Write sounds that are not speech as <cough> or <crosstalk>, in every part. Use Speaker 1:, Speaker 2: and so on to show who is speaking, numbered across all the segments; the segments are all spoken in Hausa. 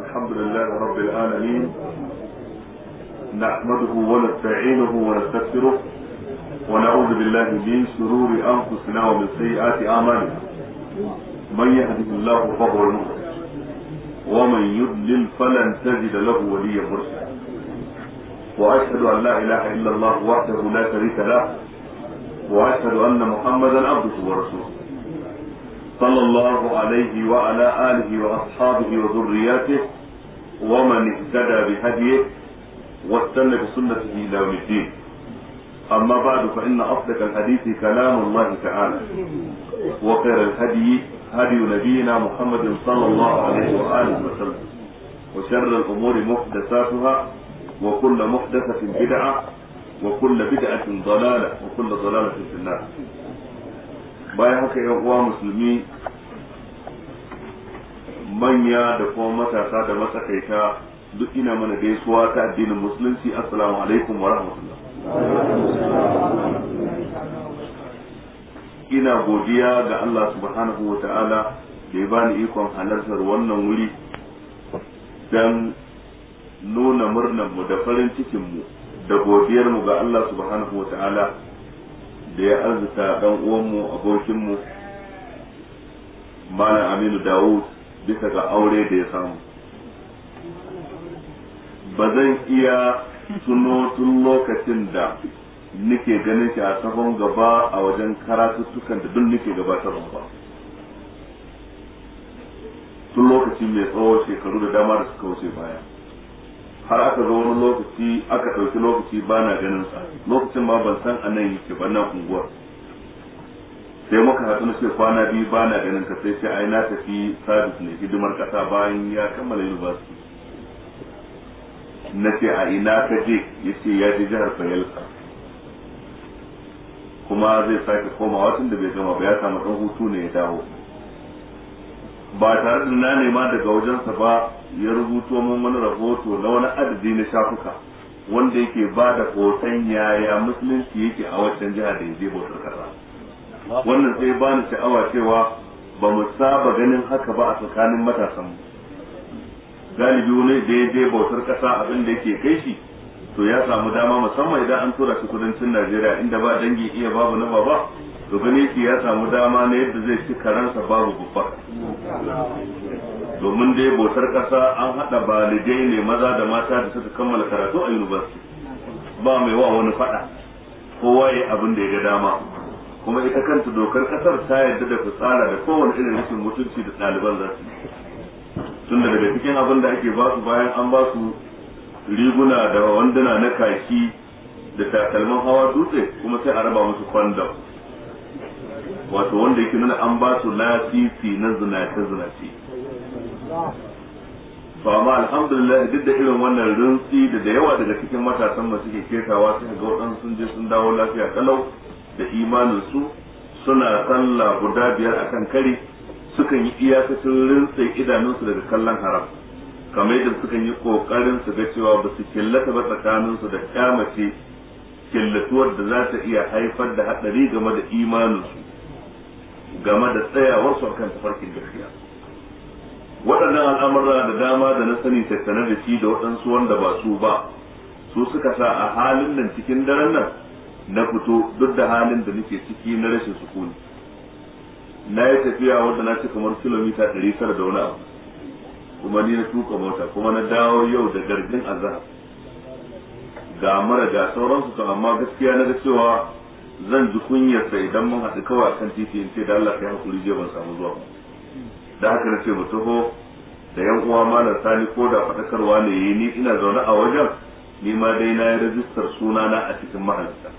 Speaker 1: الحمد لله رب العالمين نحمده ونستعينه ونستغفره ونعوذ بالله من شرور انفسنا ومن سيئات اعمالنا من يهده الله فهو المهتد ومن يضلل فلن تجد له وليا مرشدا واشهد ان لا اله الا الله وحده لا شريك له واشهد ان محمدا عبده ورسوله صلى الله عليه وعلى آله وأصحابه وذرياته ومن اهتدى بهديه واستنى بسنته إلى يوم الدين أما بعد فإن أصدق الحديث كلام الله تعالى وخير الهدي هدي نبينا محمد صلى الله عليه وآله وسلم وشر الأمور محدثاتها وكل محدثة بدعة وكل بدعة ضلالة وكل ضلالة في النار bayan haka yan uwa musulmi manya da kuma matasa da matsakaita duk ina mana gaisuwa ta addinin musulunci assalamu alaikum wa rahmatullah ina godiya ga Allah subhanahu wa ta'ala da ya bani ikon halartar wannan wuri don nuna murnarmu da farin cikinmu da godiyarmu ga Allah subhanahu wa ta'ala da ya arzuta dan uwanmu abokinmu malam aminu dawud bisa ga aure da ya samu ba zan iya tuno tun lokacin da nike ganin shi a sabon gaba a wajen karatuttukan da duk nake gabatarwa ba tun lokacin mai tsawo shekaru da dama da suka wuce baya har aka zo wani lokaci aka ɗauki lokaci ba na ganin sa lokacin ma ban san a nan yake ba na unguwar sai muka haɗu na ce kwana biyu ba na ganin ka sai ce ai na tafi sabis ne hidimar ƙasa bayan ya kammala university na ce a ina ka je ya ce ya je jihar bayelsa kuma zai sake koma tun da bai gama ba ya samu ɗan hutu ne ya dawo ba tare da na nema daga wajensa ba ya rubuto mun wani rahoto na wani adadi na shafuka wanda yake ba da hoton yaya musulunci yake a wajen jiha da yaje bautar kasa wannan sai ba ni sha'awa cewa ba mu saba ganin haka ba a tsakanin matasan mu galibi wani da ya je bautar kasa abin da yake kai shi to ya samu dama musamman idan an tura shi kudancin Najeriya inda ba dangi iya babu na baba to gani ya samu dama na yadda zai ci karansa babu babba domin dai bautar kasa an haɗa balidai ne maza da mata da suka kammala karatu a university ba mai wa wani faɗa kowa ya abin da ya ga dama kuma ita kanta dokar ƙasar ta yarda da fitsara da kowane irin rikin mutunci da ɗaliban za su tun daga cikin abin da ake ba su bayan an ba su riguna da wanduna na kashi da takalman hawa dutse kuma sai a raba musu kwandam wato wanda yake nuna an ba su lasisi na zinace-zinace ba ma alhamdulillah duk da irin wannan rintsi da da yawa daga cikin matasan mu suke ketawa sai ga waɗansu sun je sun dawo lafiya kalau da imanin su suna sallah guda biyar akan kare sukan yi iyakacin idanun idanunsu daga kallon haram kamar yadda sukan yi kokarin su ga cewa ba su killata ba tsakaninsu da kyamace killatuwar da za ta iya haifar da haɗari game da imaninsu game da tsayawar tsayawarsu akan tafarkin gaskiya waɗannan al'amura da dama da na sani tattane da shi da waɗansu wanda ba su ba su suka sa a halin nan cikin daren nan na fito duk da halin da nake ciki na rashin sukuni na yi tafiya wanda na ci kamar kilomita ɗari tara da wani abu kuma ni na tuka mota kuma na dawo yau da garjin azhar ga mara ga sauransu to amma gaskiya na ga cewa zan ji kunyarsa idan mun haɗu kawai kan titi in ce da Allah kai hakuri je ban samu zuwa ba da haka na ce mu taho da yan uwa malam sani ko da faɗakarwa ne yi ni ina zaune a wajen ni ma dai na yi rajistar sunana a cikin mahalarta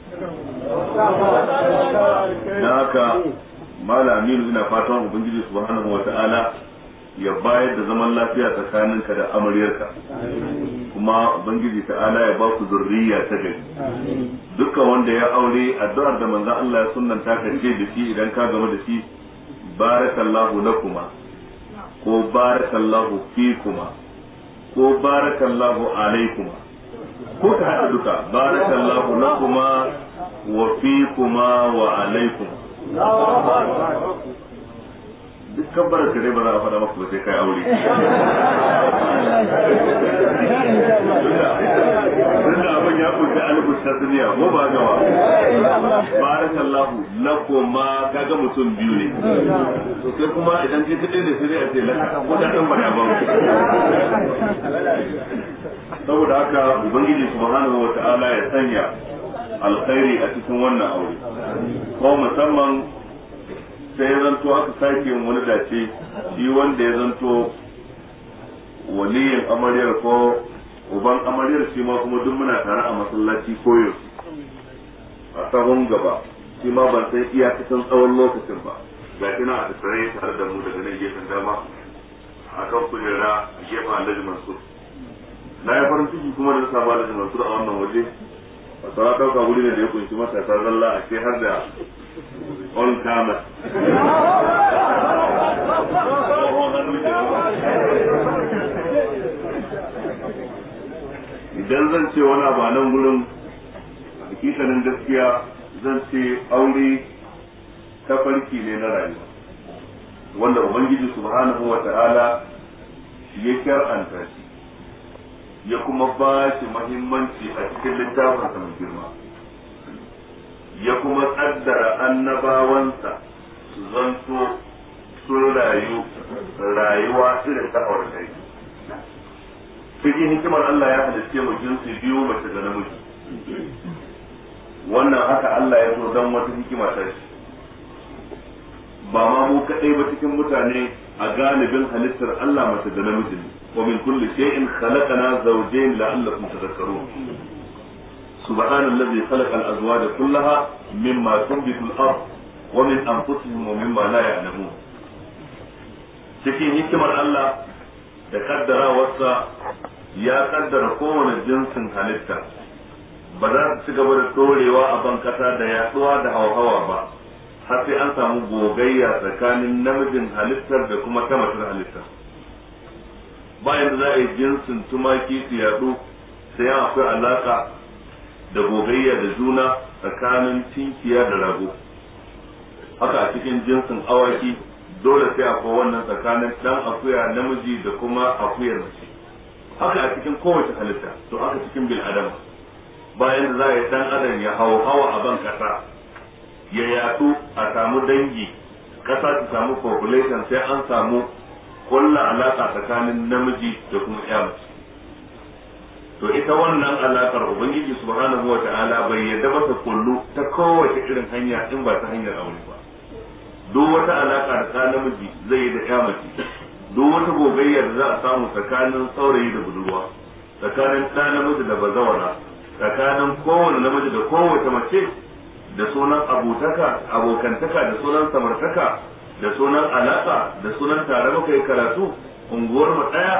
Speaker 1: na haka malam aminu ina fatan ubangiji subhanahu wata'ala ya bayar da zaman lafiya tsakaninka da amaryarka kuma ubangiji ta'ala ya ba ku zurriya ta gari dukkan wanda ya aure addu'ar da manzon Allah ya sunnanta ka ce da shi idan ka gama da shi barakallahu lakuma ko barakallahu fikuma ko barakallahu alaikuma ko ka haɗa duka barakallahu lakuma wa fikuma wa alaikuma dukkan barka dai ba za a faɗa maka ba sai kai aure <laughs> ya kunta alfu duniya ko ba gawa barakallahu lakuma kaga mutum biyu ne to sai kuma idan kai kudin da sai a ce laka ko da dan bada ba saboda haka ubangiji subhanahu wataala ya sanya alkhairi a cikin wannan aure ko musamman sai zanto aka sake wani dace shi wanda ya zanto waliyin amaryar ko uban amaryar shi ma kuma duk muna tare a masallaci koyaushe a sabon gaba shi ma ban san iyakacin tsawon lokacin ba ga shi na a tattare tare da mu daga nan gefen dama a kan kujera a gefen alhaji mansur na ya farin ciki kuma da saba da mansur a wannan waje a tsara ɗauka wuri ne da ya kunshi matasa zalla a ce har da on kama <laughs> idan zan ce wani abu a nan gurin hakikanin gaskiya zan ce aure ta farki ne na rayuwa wanda ubangiji subhanahu wa ta'ala ya kyar'anta shi ya kuma ba shi mahimmanci a cikin littafin mai girma ya kuma tsaddara annabawansa su zanto sun rayu rayuwa irin ta aure cikin hikimar Allah ya halicce mu jinsi biyu mace da namiji wannan haka Allah ya so dan wata hikima ta shi ba ma mu kadai ba cikin mutane a galibin halittar Allah mace da namiji ne wa min kulli shay'in khalaqana zawjayn la'allakum tadhakkarun subhanallazi khalaqa al-azwaja kullaha mimma tunbitu al-ard wa min anfusihim wa mimma la ya'lamun cikin hikimar Allah da kaddarawarsa ya kaddara kowane jinsin halitta ba za su ci gaba da dorewa a ban kasa da yaɗuwa da hauhawa ba har sai an samu gogayya tsakanin namijin halittar da kuma ta matar halittar bayan za a yi jinsin tumaki su yadu sai akwai alaƙa da gogayya da juna tsakanin tinkiya da rago haka a cikin jinsin awaki dole sai akwai wannan tsakanin dan akuya namiji da kuma akuyar mace haka a cikin kowace halitta to haka cikin bil adam bayan za yi dan adam ya hawa hawa a ban kasa ya yatsu a samu dangi kasa ta samu population sai an samu kulla alaka tsakanin namiji da kuma ya mace to ita wannan alakar ubangiji subhanahu wata'ala bai yarda masa kullu ta kowace irin hanya in ba ta hanyar aure ba duk wata alaka da namiji zai yi da ya mace duk wata gobayyar da za a samu tsakanin saurayi da budurwa tsakanin ɗa namiji da bazawara tsakanin kowane namiji da kowace mace da sunan abotaka abokantaka da sunan samartaka da sunan alaka da sunan tare muka yi karatu unguwar mu ɗaya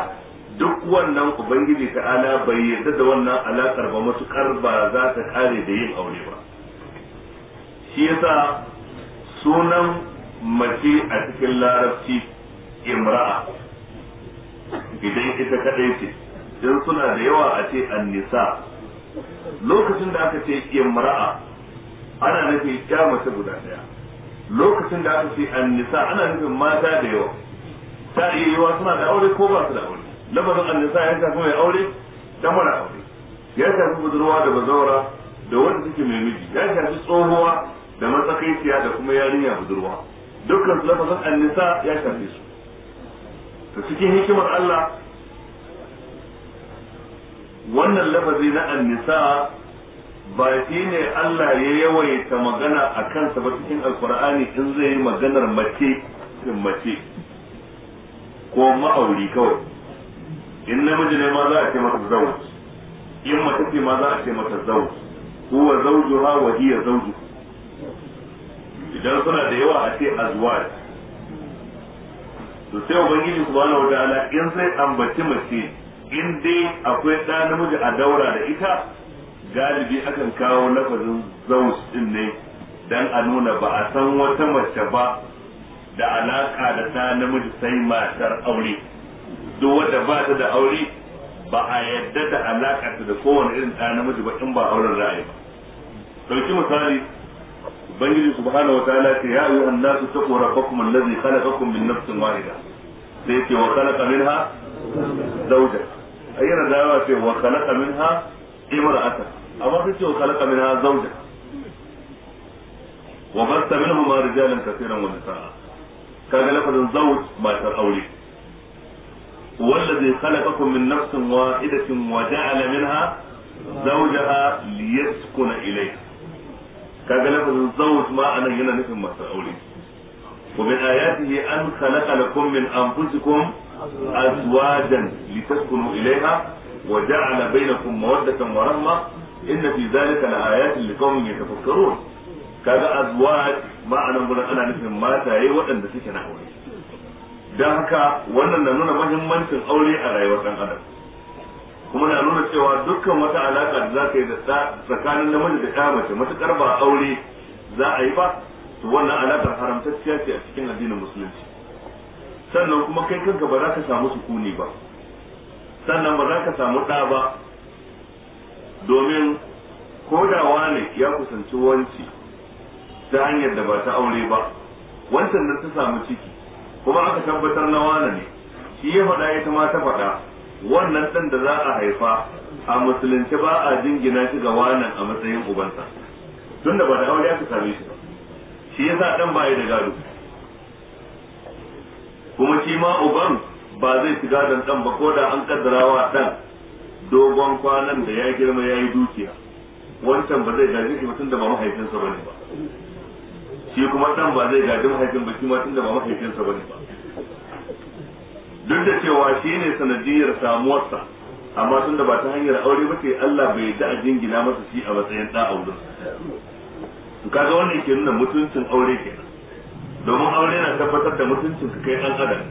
Speaker 1: duk wannan ubangiji ta ala bai yarda da wannan alakar ba matuƙar ba za ta kare da yin aure ba shi yasa sunan mace a cikin larabci imra'a idan ita kadai ce dan suna da yawa a ce annisa lokacin da aka ce imra'a ana nufin ya mace guda daya lokacin da aka ce annisa ana nufin mata da yawa ta iya yiwa suna da aure ko ba su da aure lamarin annisa ya shafi mai aure da mara aure ya shafi budurwa da bazawara da wanda suke mai miji ya shafi tsohuwa da matsakaiciya da kuma yarinya budurwa dukkan su annisa ya shafi su da cikin hikimar Allah wannan lafazi na annisa ba shi ne Allah ya yawaita magana a kansa ba cikin alkur'ani in zai yi maganar mace mace ko ma'auri kawai in namiji ne ma za a ce mata zauj in mace ce ma za a ce mata zauj huwa zaujuha wa hiya zauju idan suna da yawa a ce azwaj to sai ubangiji subhanahu ala in sai ambaci mace in dai akwai ɗa namiji a daura da ita galibi akan kawo lafazin zaus din ne dan a nuna ba a san wata mace ba da alaka da ɗa namiji sai matar aure duk wanda ba ta da aure ba a yadda da alaka ta da kowane irin ɗa namiji ba in ba auren ra'ayi ba ɗauki misali ubangiji subhanahu wataala ce ya ayyuhan nasu taqu rabbakum allazi khalaqakum min nafsin wahida sai yake wa khalaqa minha zawja ayyana dawa ce wa khalaqa minha imra'atan amma sai ce wa khalaqa minha zawja wa basta minhuma rijalan kaseeran wa nisaa kaga lafazin zawj matar aure والذي خلقكم من نفس واحدة وجعل منها زوجها ليسكن إليها kaga lafazin zawj ma anan yana nufin masu aure wa min ayatihi an khalaqa lakum min anfusikum azwajan litaskunu ilayha wa ja'ala bainakum mawaddatan wa rahma inna fi dhalika laayatin liqaumin yatafakkarun kaga azwaj ma anan gurin ana nufin mataye waɗanda suke na aure dan haka wannan na nuna muhimmancin aure a rayuwar ɗan adam kuma na nuna cewa dukkan wata alaƙa da za ka yi da tsakanin namiji da ɗa mace matuƙar ba aure za a yi ba to wannan alaƙar haramtacciya ce a cikin addinin musulunci sannan kuma kai kanka ba za ka samu sukuni ba sannan ba za ka samu ɗa ba domin ko da wani ya kusanci wanci ta hanyar da ba ta aure ba wancan nan ta samu ciki kuma aka tabbatar na wane ne shi ya faɗa ita ma ta faɗa wannan ɗan da za a haifa a musulunci ba a jingina shi ga wanan a matsayin ubansa tun da ba da aure aka same shi ba shi yasa ɗan ba ya da gado kuma shi ma uban ba zai shiga gadon ɗan ba ko da an kaddara wa ɗan dogon kwanan da ya girma ya yi dukiya wancan ba zai gaji shi tun da ba mahaifinsa ba ne ba shi kuma ɗan ba zai gaji mahaifin ba shi ma tun da ba mahaifinsa ba ne ba duk da cewa shi ne sanadiyar samuwarsa amma tun da ba ta hanyar aure ba ce Allah bai da a jingina masa shi a matsayin ɗan aure ga wannan ke nuna mutuncin aure ke domin aure na tabbatar da mutuncin ka kai an adam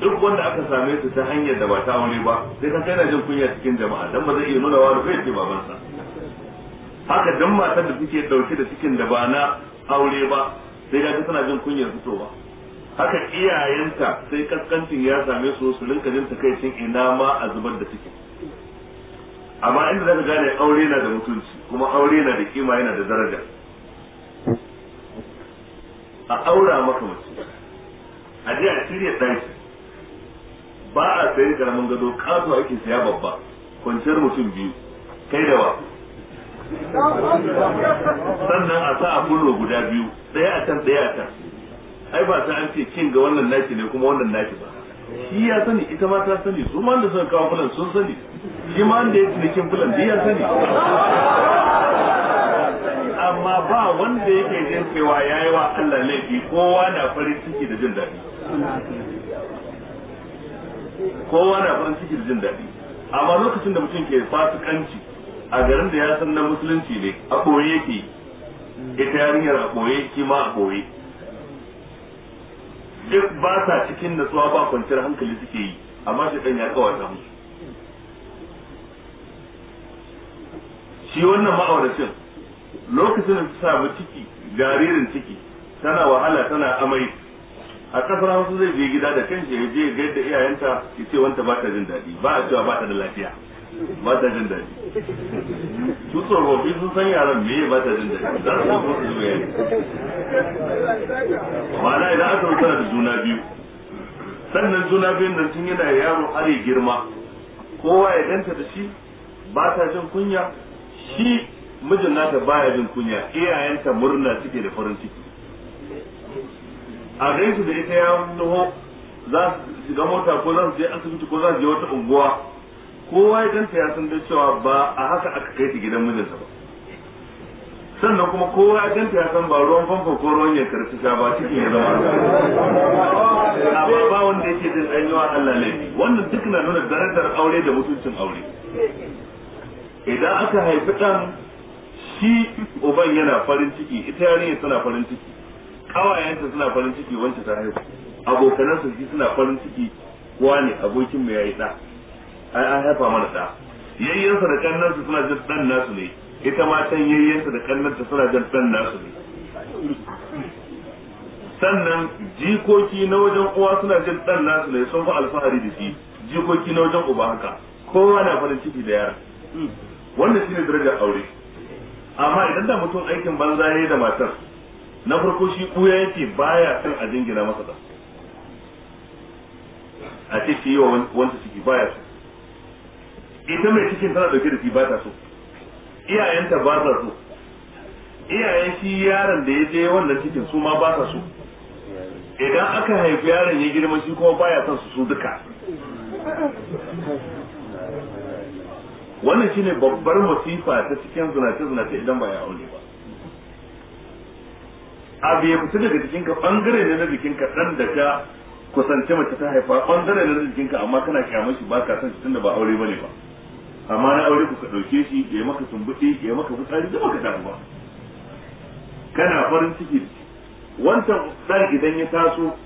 Speaker 1: duk wanda aka same su ta hanyar da ba ta aure ba sai ka kai jin kunya cikin jama'a dan ba zai iya nuna wa bai babansa haka dan matar da suke ɗauke da cikin da ba na aure ba sai ka tana jin kunyar fitowa haka iyayenta sai kaskancin ya same su su rinka jin takaicin ina ma a zubar da ciki amma inda zaka gane aure na da mutunci kuma aure na da kima yana da daraja a aura maka mace a jiya a shirya ɗaki ba a sayi karamin gado kato ake saya babba kwanciyar mutum biyu kai da wa sannan a sa a guda biyu ɗaya a can ɗaya a can ai ba sai an ce kin ga wannan naki ne kuma wannan naki ba shi ya sani ita ma ta sani su ma da suka kawo fulan sun sani shi ma da ya cinikin fulan ya sani amma ba wanda yake jin cewa ya yi wa Allah laifi kowa na farin ciki da jin daɗi kowa na farin ciki da jin daɗi amma lokacin da mutum ke fasikanci a garin da ya san na musulunci ne a ɓoye yake ita yarinyar a ɓoye shi ma a ɓoye duk ba sa cikin nasuwa ba kwanciyar hankali suke yi amma shi ɗan ya kawata musu shi wannan ma'auracin lokacin da ta samu ciki jaririn ciki tana wahala tana amai a kasar hausa zai je gida da kanshi ya je ga yadda iyayenta ya ce wanta ba ta jin daɗi ba a cewa ba ta da lafiya ba ta jin daɗi su tsofaffi sun san yaran me ba ta jin daɗi za su ko su
Speaker 2: zuwa idan aka rubuta da
Speaker 1: juna biyu sannan juna biyun nan sun yana yaro har girma kowa ya danta da shi ba ta jin kunya shi mijin nata baya jin kunya iyayenta murna suke da farin ciki a gaisu da ita ya nuhu. za su shiga mota ko za su je asibiti ko za su je wata unguwa kowa ya ganta ya san da cewa ba a haka aka kai ta gidan mijinta ba sannan kuma kowa ya ganta ya san ba ruwan famfo ko ruwan ya karfi sha ba cikin ya zama ba wanda yake jin an yi wa Allah ne wannan duk na nuna darajar aure da mutuncin aure idan aka haifi dan shi uban yana farin ciki ita yarinya tana farin ciki kawayenta suna farin ciki wancan ta haihu abokanansa shi suna farin ciki ne abokin mu yayi ɗa. ai an haifa mana da yayyansa da kannansa suna jin dan nasu ne ita ma can yayyansa da kannansa suna jin dan nasu ne sannan jikoki na wajen uwa suna jin dan nasu ne sun fi alfahari da shi jikoki na wajen uba haka kowa na farin ciki da yara wannan shine darajar aure amma idan da mutum aikin banza yayi da matar na farko shi kuya yake baya son a jingina masa da a ce shi yi wa wanta ciki baya son ita mai cikin tana dauke da shi ba ta so iyayenta ba ta so iyayen shi yaron da ya je wannan cikin su ma ba ta so idan aka haifi yaron ya girma shi kuma baya son su su duka wannan shine babbar masifa ta cikin zinace zinace idan ba ya aure ba abu ya fita daga jikinka bangare ne na jikinka dan da ka kusance mace ta haifa bangare ne na jikinka amma kana kyamar shi ba ka son shi tunda ba aure bane ba amma na aure ku ka ɗauke shi ya maka tumbuti ya maka fitsari da maka damu kana farin ciki wancan dan idan ya taso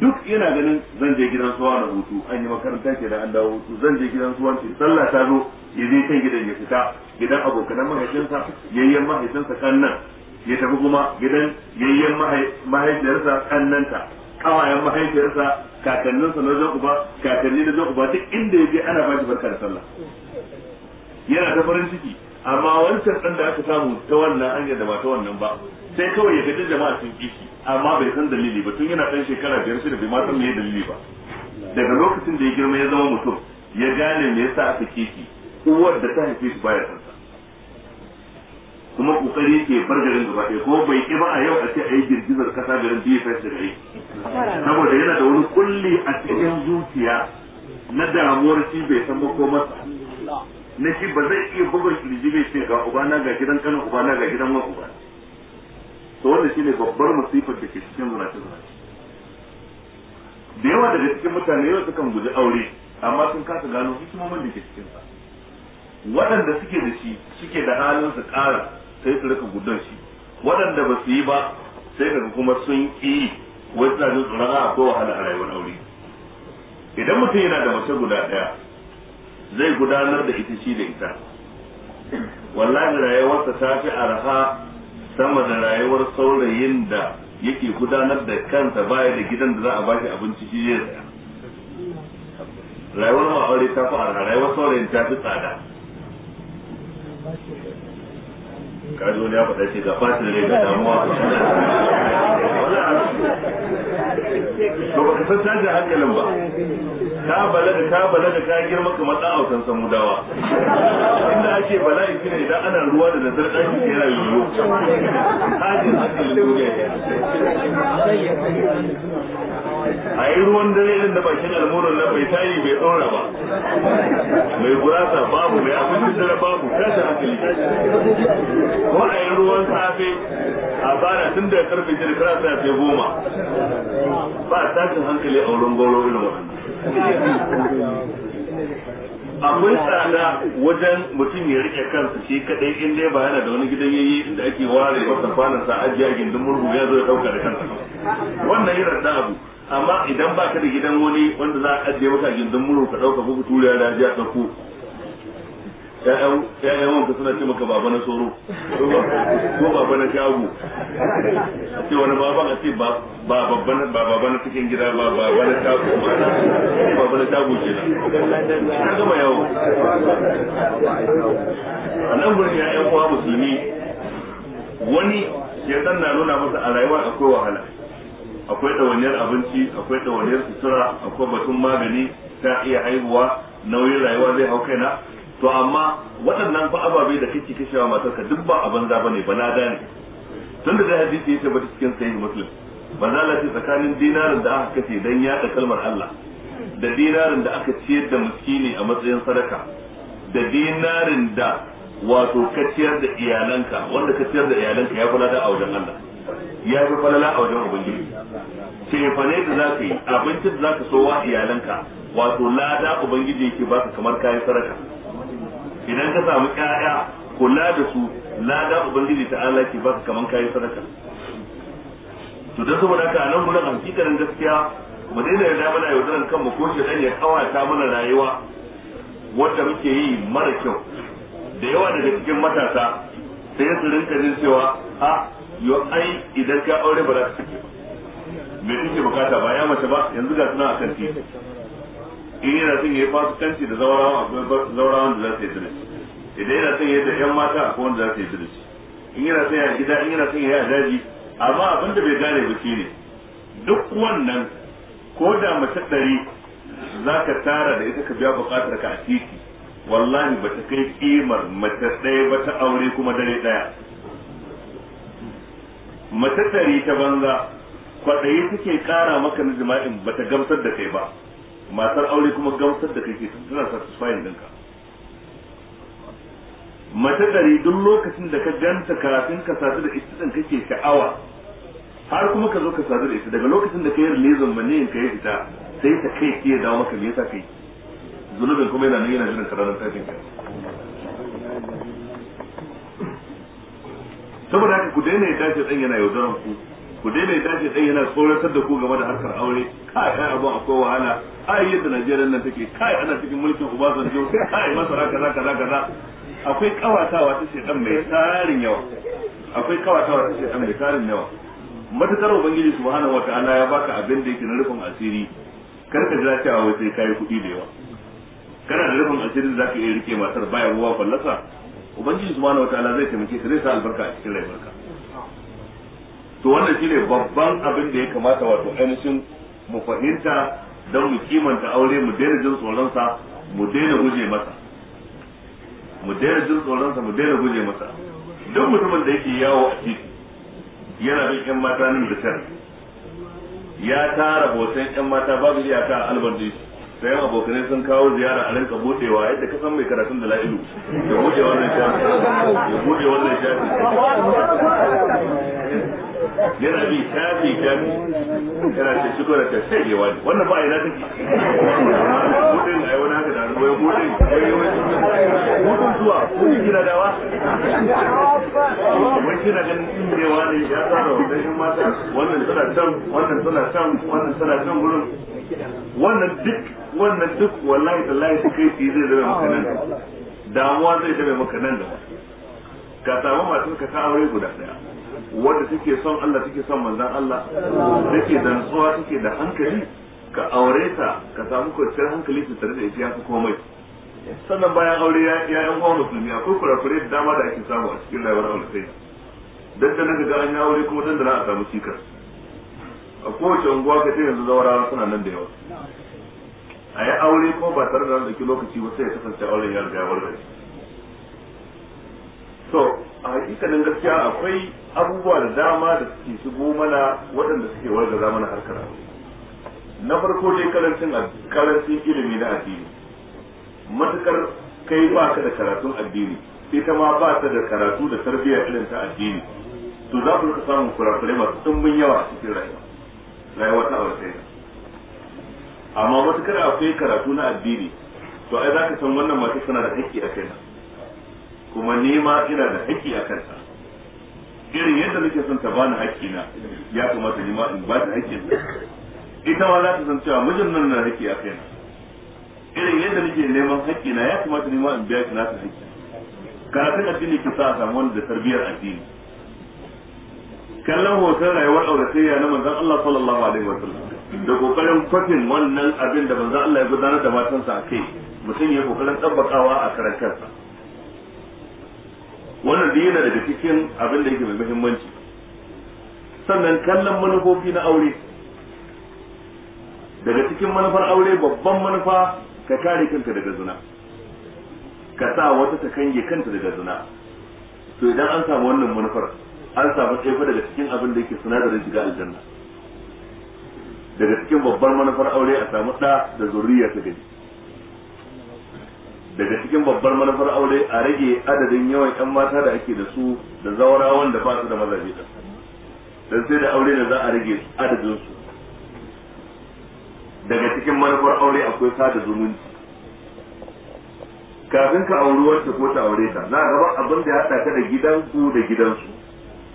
Speaker 1: duk yana ganin zan je gidan suwa na hutu an yi makaranta ke da an dawo hutu zan je gidan suwa ce sallah ta zo ya je kan gidan ya fita gidan abokan mahaifinsa yayyen mahaifinsa kannan ya tafi kuma gidan yayyen mahaifiyarsa kannanta kawayen mahaifiyarsa kakanninsa na zan uba kakanni na zan uba duk inda ya je ana ba shi barka da sallah yana ta farin ciki amma wancan dan da aka samu ta wannan hanyar da ba ta wannan ba sai kawai ya gaji jama'a sun shi amma bai san dalili ba tun yana dan shekara biyar da bai ma san meye dalili ba daga lokacin da ya girma ya zama mutum ya gane me yasa aka ki shi uwar da ta haife shi baya san kuma kokari ke bar garin gaba ɗaya kuma bai ki ba a yau a ce a yi girgizar kasa garin biyu sai da yi saboda yana da wani kulli a cikin zuciya na damuwar shi bai san masa. na shi ba zai iya bugun kirji bai ce ga ubana ga gidan Uba ubana ga gidan wa uba to wannan shine babbar musifar da ke cikin munafiq da yawa daga cikin mutane yau sukan guji aure amma sun kasa gano hikimomin da ke cikin sa waɗanda suke da shi suke da halin su ƙara sai su rika gudan shi waɗanda ba su yi ba sai kaga kuma sun ƙi wasu da su tsoron a ko wahala a rayuwar aure idan mutum yana da mace guda ɗaya zai gudanar da ita shi da ita wallahi rayuwarsa ta fi arha sama da rayuwar saurayin da yake gudanar da kansa baya da gidan da za a bashi abinci shi ya tsaya
Speaker 2: rayuwar aure ta fi arha rayuwar saurayin
Speaker 1: ta fi tsada ka zo ya faɗa ce ga fatin rai ga damuwa to ba ka san da hankalin ba Ta balaga ta balaga ka girma kamar dan autan samudawa inda ake bala'i shine idan ana ruwa da nazar dan shi yana yiwu hajin hankalin duniya a yi ruwan dare irin da bakin almuran nan bai tayi bai tsora ba mai gurasa babu mai abincin dare babu tashi hankali ko a yi ruwan safe a bada tun da karfe jiri ta safe goma ba a tashin hankali a wurin goro irin akwai tsada wajen mutum ya rike kansa shi kadai in dai ba yana da wani gidan yayi inda ake ware masa kwanan sa ajiya gindin murhu ya zo ya dauka da kansa wannan irin da abu amma idan ba ka da gidan wani wanda za a ajiye maka gindin muro ka ɗauka ko tura da ajiya ɗauko ya'yan wanka suna ce maka baba na soro ko baba na shago
Speaker 2: a
Speaker 1: ce wani baba a ce ba baba na cikin gida ba baba na shago ba baba na shago ce na gama yawo a nan gurin ya'yan kuwa musulmi wani ya na nuna masa a rayuwa akwai wahala akwai ɗawainiyar abinci akwai ɗawainiyar sutura akwai batun magani ta iya haihuwa nauyin rayuwa zai hau kaina to amma waɗannan ba ababe da kake kashewa ka duk ba a banza bane ba na gane tunda da hadisi ya ba cikin sahih muslim manzo la ce tsakanin dinarin da aka kace dan yaɗa kalmar Allah da dinarin da aka ciyar da miskini a matsayin sadaka da dinarin da wato ka da iyalanka wanda ka ciyar da iyalanka ya kula da a wajen Allah ya fi falala a wajen ubangiji ne da za ka yi abincin da za ka so wa iyalanka wato lada ubangiji yake baka kamar kayan saraka idan ka samu 'ya'ya kula da su lada ubangiji ta'ala ke baka kamar kayan saraka to saboda haka a nan gurin hakikarin gaskiya mu daina yarda mana yaudaran kanmu ko shi dan ya kawata mana rayuwa wanda muke yi mara kyau da yawa daga cikin matasa sai su rinka jin cewa a ah, yo ai idan ka aure ba za ka cike ba me kike bukata ba ya mace ba yanzu ga suna kan titi in yana son ya yi fasikanci da zaurawan akwai zaurawan da za su yi tunani idan yana son ya yi da yan mata ko wanda za su yi tunani in yana son ya gida in yana son ya yi a daji amma abin da bai gane ba ne duk wannan ko da mace ɗari za ka tara da ita ka biya bukatar ka a titi wallahi ba ta kai kimar mace ɗaya ba ta aure kuma dare ɗaya mace tare ta banza kwaɗayi take ƙara maka na jima'in ba ta gamsar da kai ba matar aure kuma gamsar da kai ke tana satisfying ɗinka mace tare duk lokacin da ka ganta kafin ka sadu da ita ɗin kake sha'awa har kuma ka zo ka sadu da ita daga lokacin da ka yi rilizin maniyin ka yi fita sai ta kai ke dawo maka me yasa kai zunubin kuma yana nan yana jiran ka ranar tashin saboda haka ku daina ya dace dan yana yaudaran ku ku daina ya dace dan yana tsoratar da ku game da harkar aure kai ai abun akwai wahala ai yadda Najeriya nan take kai ana cikin mulkin Obasanjo kai masara kaza kaza kaza akwai kawatawa ta shedan mai tarin yawa akwai kawatawa ta shedan mai tarin yawa matakar ubangiji subhanahu wataala ya baka abin da yake na rufin asiri kar ka jira cewa wai sai kai kuɗi da yawa kana da rufin da zaka iya rike matar baya ruwa fallasa ubangiji subhanahu wataala zai taimake ka zai sa albarka a cikin rayuwarka to wannan shine babban abin da ya kamata wato ainihin mu fahimta don mu kimanta aure mu daina jin tsoronsa mu daina guje masa mu daina jin tsoronsa mu daina guje masa duk mutumin da yake yawo a titi yana bin yan mata nan da ya tara hoton yan mata babu iyaka a yawa abokanai sun kawo ziyara a rinka budewa yadda ka san mai karatun da la'ilu da bude wannan shafi shafi yana bi tafi dan yana ce shi gora ta sai yawa wannan ba ina take
Speaker 2: mutun
Speaker 1: ai wani haka da ruwa mutun wai wai mutun zuwa ko gina dawa wai kina ganin indewa ne ya tsara wannan shi mata wannan suna can wannan suna can wannan suna can gurin wannan duk wannan duk wallahi tallahi kai zai zama maka nan damuwa zai zama maka nan da ka samu masu ka ta aure guda daya wanda take son Allah take son manzon Allah take da nutsuwa take da hankali ka aure ta ka samu kwanciyar hankali ta tare da ita ya fi komai sannan bayan aure ya yan uwa musulmi akwai kurakure da dama da ake samu a cikin rayuwar aure dan da naga ga an yi aure kuma dan da za a samu cikas a kowace unguwa ka ce yanzu zawarawa suna nan da yawa a yi aure ko ba tare da zaki lokaci ba sai ya kasance auren ya riga ya shi to a hakikanin gaskiya akwai abubuwa da dama da suke shigo mana waɗanda suke warga za mana harkar na farko dai karancin karancin ilimi na addini matukar kai ba ka da karatun addini ita ma ba ta da karatu da tarbiyyar irin ta addini to za ku samun kurakure masu tumbin yawa cikin rayuwa rayuwa ta aure amma matukar akwai karatu na addini to ai za ka san wannan masu suna da haƙƙi a na. kuma nema ma ina da haƙƙi a kansa irin yadda nake son ta bani na, ya kamata ni ma in ba ta na. ita ma za ta san cewa mijin nan na haƙƙi a kaina irin yadda nake neman na, ya kamata ni ma in biya shi na ta haƙƙi karatun addini ke sa a samu wani da tarbiyyar addini kallon hoton rayuwar auratayya na manzon Allah sallallahu alaihi wasallam da kokarin kwafin wannan abin da manzon Allah ya gudanar da matansa a kai mutum ya kokarin tabbakawa a karantarsa wannan da yana daga cikin abin da yake mai muhimmanci sannan kallon manufofi na aure daga cikin manufar aure babban manufa ka kare kanka daga zina ka sa wata ta kange kanta daga zina to idan an samu wannan manufar an samu tsefa daga cikin abin da yake sinadarin shiga aljanna daga cikin babbar manufar aure a samu ɗa da zuriya ta gani daga cikin babbar manufar aure a rage adadin yawan yan mata da ake da su da zaura wanda ba su da mazaje da dan sai da aure ne za a rage adadin su daga cikin manufar aure akwai sada zumunci kafin ka auri wacce ko ta aure ta na gaba abin da ya haɗa ka da gidanku da gidansu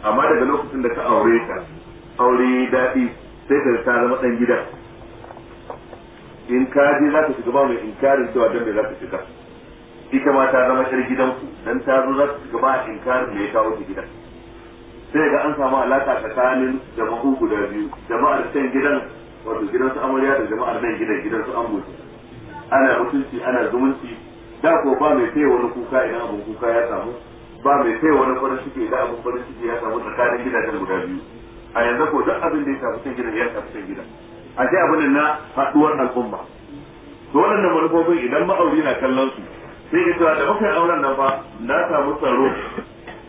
Speaker 1: amma daga lokacin da ka aure ta aure daɗi sai ka ta zama ɗan gida in ka je za ka shiga ba mai inkarin cewa don bai za ka shiga ita ma ta zama shar gidanku dan ta zo za su gaba ba inkarin da ya kawo ta gidan sai ga an samu alaka tsakanin jama'u guda biyu jama'ar can gidan wato gidan su amarya da jama'ar nan gidan gidan su amurci. ana mutunci ana zumunci da ko ba mai sai wani kuka idan abun kuka ya samu ba mai sai wani farin ciki idan abun farin ciki ya samu tsakanin gidajen guda biyu a yanzu ko duk abin da ya samu can gidan ya samu can gidan a ce abin na haɗuwar al'umma to waɗannan manufofin idan ma'auri na kallon su sai ka cewa da muka auren nan ba na samu tsaro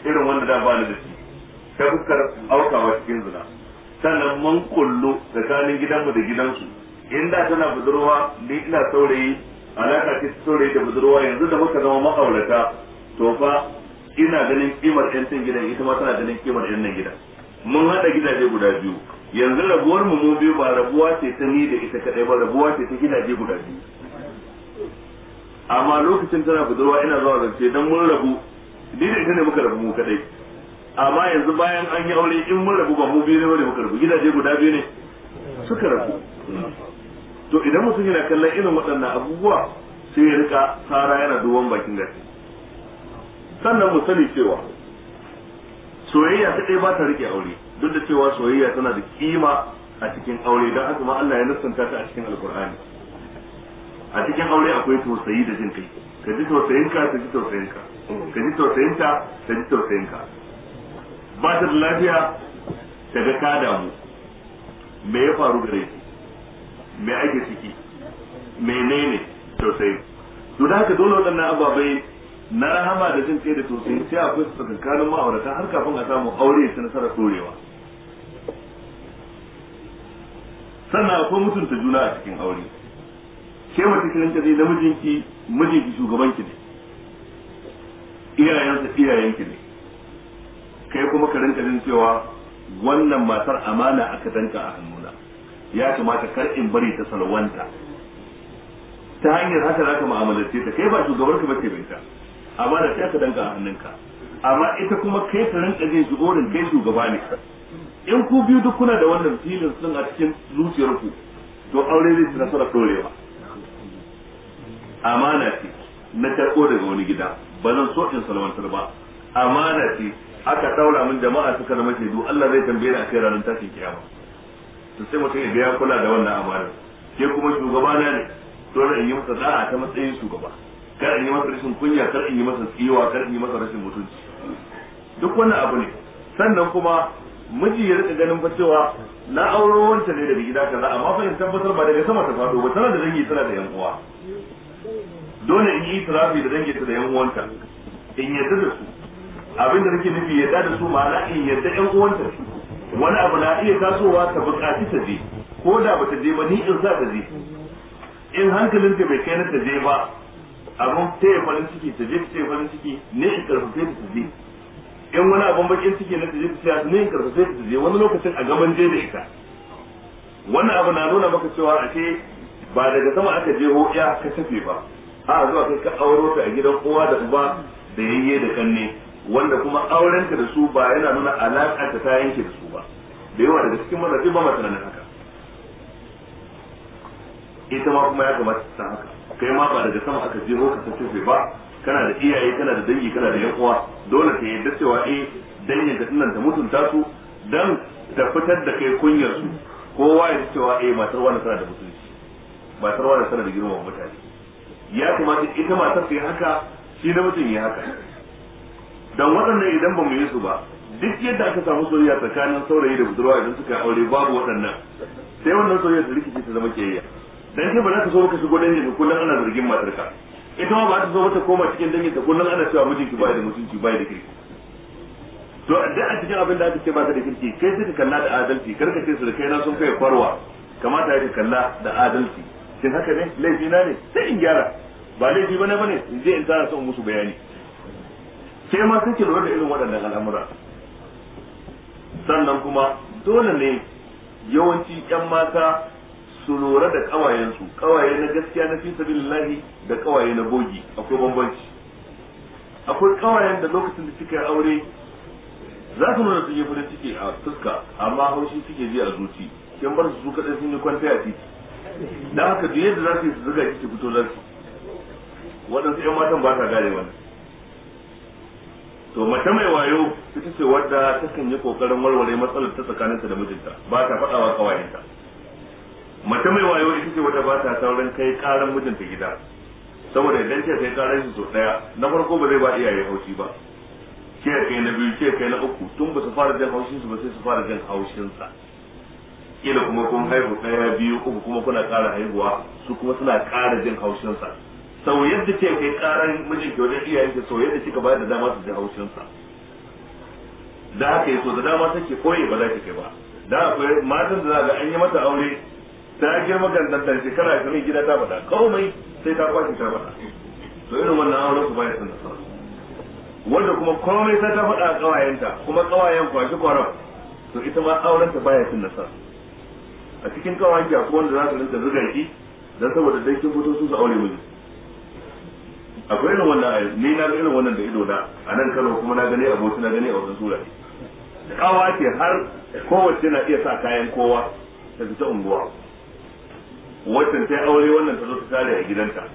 Speaker 1: irin wanda da bani da shi ta fuskar aukawa cikin zina sannan mun kullu tsakanin gidanmu da gidansu inda tana budurwa ni ina saurayi alaka ce saurayi da budurwa yanzu da muka zama ma'aurata to fa ina ganin kimar yancin gidan ita ma tana ganin kimar 'yancin nan gidan mun haɗa gidaje guda biyu yanzu rabuwar mu mu biyu ba rabuwa ce ta ni da ita kadai ba rabuwa ce ta gidaje guda biyu amma lokacin tana budurwa ina zuwa zance dan mun rabu ni ita ne muka rabu mu kadai amma yanzu bayan an yi aure in mun rabu ba mu biyu ne bane muka rabu gidaje guda biyu ne suka rabu to idan mutum yana kallon irin waɗannan abubuwa sai ya rika tsara yana duban bakin gari sannan mu sani cewa soyayya ta ɗaya ba ta rike aure duk da cewa soyayya tana da kima a cikin aure don haka ma Allah ya nassanta ta a cikin alkur'ani a cikin aure akwai tausayi da jin kai ka ji ka ka ji tausayinka ka ji tausayin ta ji ka ba ta da lafiya ta ga ka damu me ya faru gare ki me ake ciki menene tausayi to da haka dole waɗannan ababai na rahama da jin kai da tausayi sai akwai su tsakankanin ma'aurata har kafin a samu aure ta nasara ɗorewa sannan akwai mutunta juna a cikin aure ke wata kiranta zai namijinki mijinki shugabanki ne iyayensa iyayenki ne kai kuma ka rinka jin cewa wannan matar amana aka danka a hannuna ya kamata kar in bari ta salwanta ta hanyar haka za ka mu'amalarce ta kai ba shugabar ka bace bai ta amma da ta ka danka a hannunka amma ita kuma kai ka rinka jin shi'orin kai shugaba ne in ku biyu duk kuna da wannan filin sun a cikin zuciyarku to aure zai ci nasarar dorewa amana ce na karɓo daga wani gida ba zan so in salwantar ba amana ce aka daura min jama'a suka zama shaidu Allah zai tambaye ni kai ranar tashin kiyama to sai mutum ya kula da wannan amana ke kuma shugaba na ne dole in yi masa da'a ta matsayin shugaba kar in yi masa rashin kunya kar in yi masa tsiwa kar in yi masa rashin mutunci duk wannan abu ne sannan kuma miji ya rika ganin fa cewa na auro wancan ne daga gida kaza amma fa in tabbatar ba daga sama ta fado ba tana da dangi tana da yan uwa dole in yi israfi da dangin ta da yan uwanta in yadda da su abinda nake nufi yadda da su ma'ana in yadda yan uwanta wani abu na iya tasowa ta buƙaci ta je ko da bata je ba ni in sa ta je in hankalin ta bai kai na ta je ba abin ta yi farin ciki ta je ta yi farin ciki ne in karfafe ta je in wani abin bakin ciki na ta je ta ne in karfafe ta je wani lokacin a gaban je da ita wannan abu na nuna maka cewa a ce ba daga sama aka jeho ya ka tafe ba a zuwa kai ka auro ta a gidan uwa da uba da yayye da kanne wanda kuma aurenta da su ba yana nuna alaƙa ta ta yanke da su ba da yawa daga cikin mazaɓi ba masu nan haka ita ma kuma ya kamata ta haka kai ma ba daga sama aka jeho ka tafe ba kana da iyaye kana da dangi kana da yan uwa dole ka yarda cewa eh dangin ka tunan ta mutunta su dan ta fitar da kai kunyar su kowa ya cewa eh matar wani tana da mutunci matar wani rawa da girma mutane ya kamata ita matar ta yi haka shi na mutum ya haka dan waɗannan idan ba mu yi su ba duk yadda aka samu soyayya tsakanin saurayi da budurwa idan suka aure babu waɗannan sai wannan soyayya ta rikici ta zama kiyayya dan ke ba za ka so ka shigo dangin ka kullum ana zargin ka ita ma ba ta so ta koma cikin dangin ka kullum ana cewa mijinki ba da mutunci ba da kirki to da a cikin abin da aka ce ba ta da kirki kai sai ka kalla da adalci karka ce su da kai na sun kai farwa kamata ya ka kalla da adalci shin haka ne laifi na ne sai in gyara ba laifi bane bane in je in tsara son musu bayani sai ma kake lura da irin waɗannan al'amura sannan kuma dole ne yawanci ƴan mata su lura da ƙawayensu ƙawaye na gaskiya na fi sabilillahi da ƙawaye na bogi akwai bambanci akwai ƙawayen da lokacin da kika aure za su nuna sun yi farin ciki a fuska amma haushi suke ji a zuci kin bar su su kaɗai sun yi kwanta a titi da haka duk yadda za su yi su zuga ki fito za su waɗansu ƴan matan ba ta gane wani. to mace mai wayo ita ce wadda kan yi kokarin warware matsalar ta tsakaninta da mijinta ba ta faɗawa kawayenta mace mai wayo ita ce wadda ba ta sauran kai karan mijinta gida saboda idan ce kai karan shi sau daya na farko ba zai ba iyaye haushi ba ke kai na biyu ke kai na uku tun ba su fara jan haushinsu ba sai su fara jan haushinsa. kila kuma kun haihu ɗaya biyu uku kuma kuna ƙara haihuwa su kuma suna ƙara jin haushinsa sau yadda ce kai miji mijinki wajen iyayenki sau yadda kika bayar da dama su ji haushinsa da haka yi so da dama ke koyi ba za ki kai ba da akwai matan da za ga an yi mata aure ta girma gandantar shekara ta gida ta bada kawai sai ta kwashe ta bada to irin wannan auren su bayan son da wanda kuma komai sai ta faɗa a ƙawayenta kuma kawayen kwashe kwaron to ita ma auren ta baya son da sauransu a cikin kawai ki akwai wanda za su rinka zuga shi dan saboda dai kin fito su su aure mu akwai irin wannan ayi ni na ga irin wannan da ido da a nan kano kuma na gani abu na gani a wannan sura kawa ce har kowace na iya sa kayan kowa ta fita unguwa waccan ta aure wannan ta zo ta tare a gidanta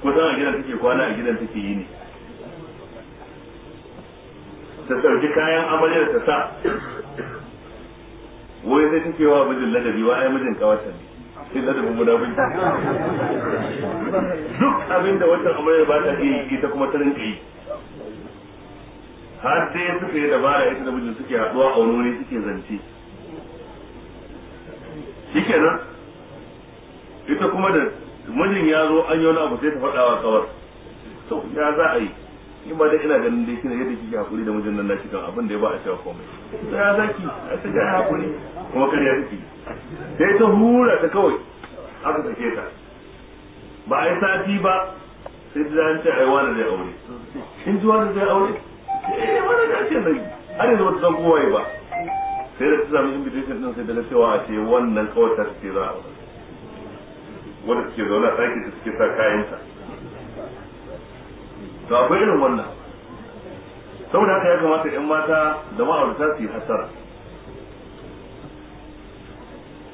Speaker 1: kusan a gidan take kwana a gidan take yi ne ta sauki kayan amaryar ta sa kadai take wa mijin ladabi wa ai mijin kawata ne sai ladabin munafiki duk abin da wata amarya ba ta yi ita kuma ta rinka yi har sai suka yi dabara ita da mijin suke haɗuwa a wani suke zance shikenan ita kuma da mijin ya zo an yi wani abu sai ta faɗa wa kawar to ya za a yi in ba dai ina ganin dai kina yadda kike hakuri da mijin nan nashi kan abin da ya ba a cewa komai sai ya zaki a sai ya hakuri kuma kar ya zaki dai ta hura ta kawai aka sake ta ba a yi sati ba sai ta zance ai wani zai aure in ji wani zai aure eh wani da ce nan har yanzu wata zan kowaye ba sai da ta samu invitation din sai na cewa a ce wannan kawai ta ce za a Wani suke zaune a ɗakin da suke sa kayanta to akwai irin wannan saboda haka ya kamata yan mata da ma'aurata su yi hasara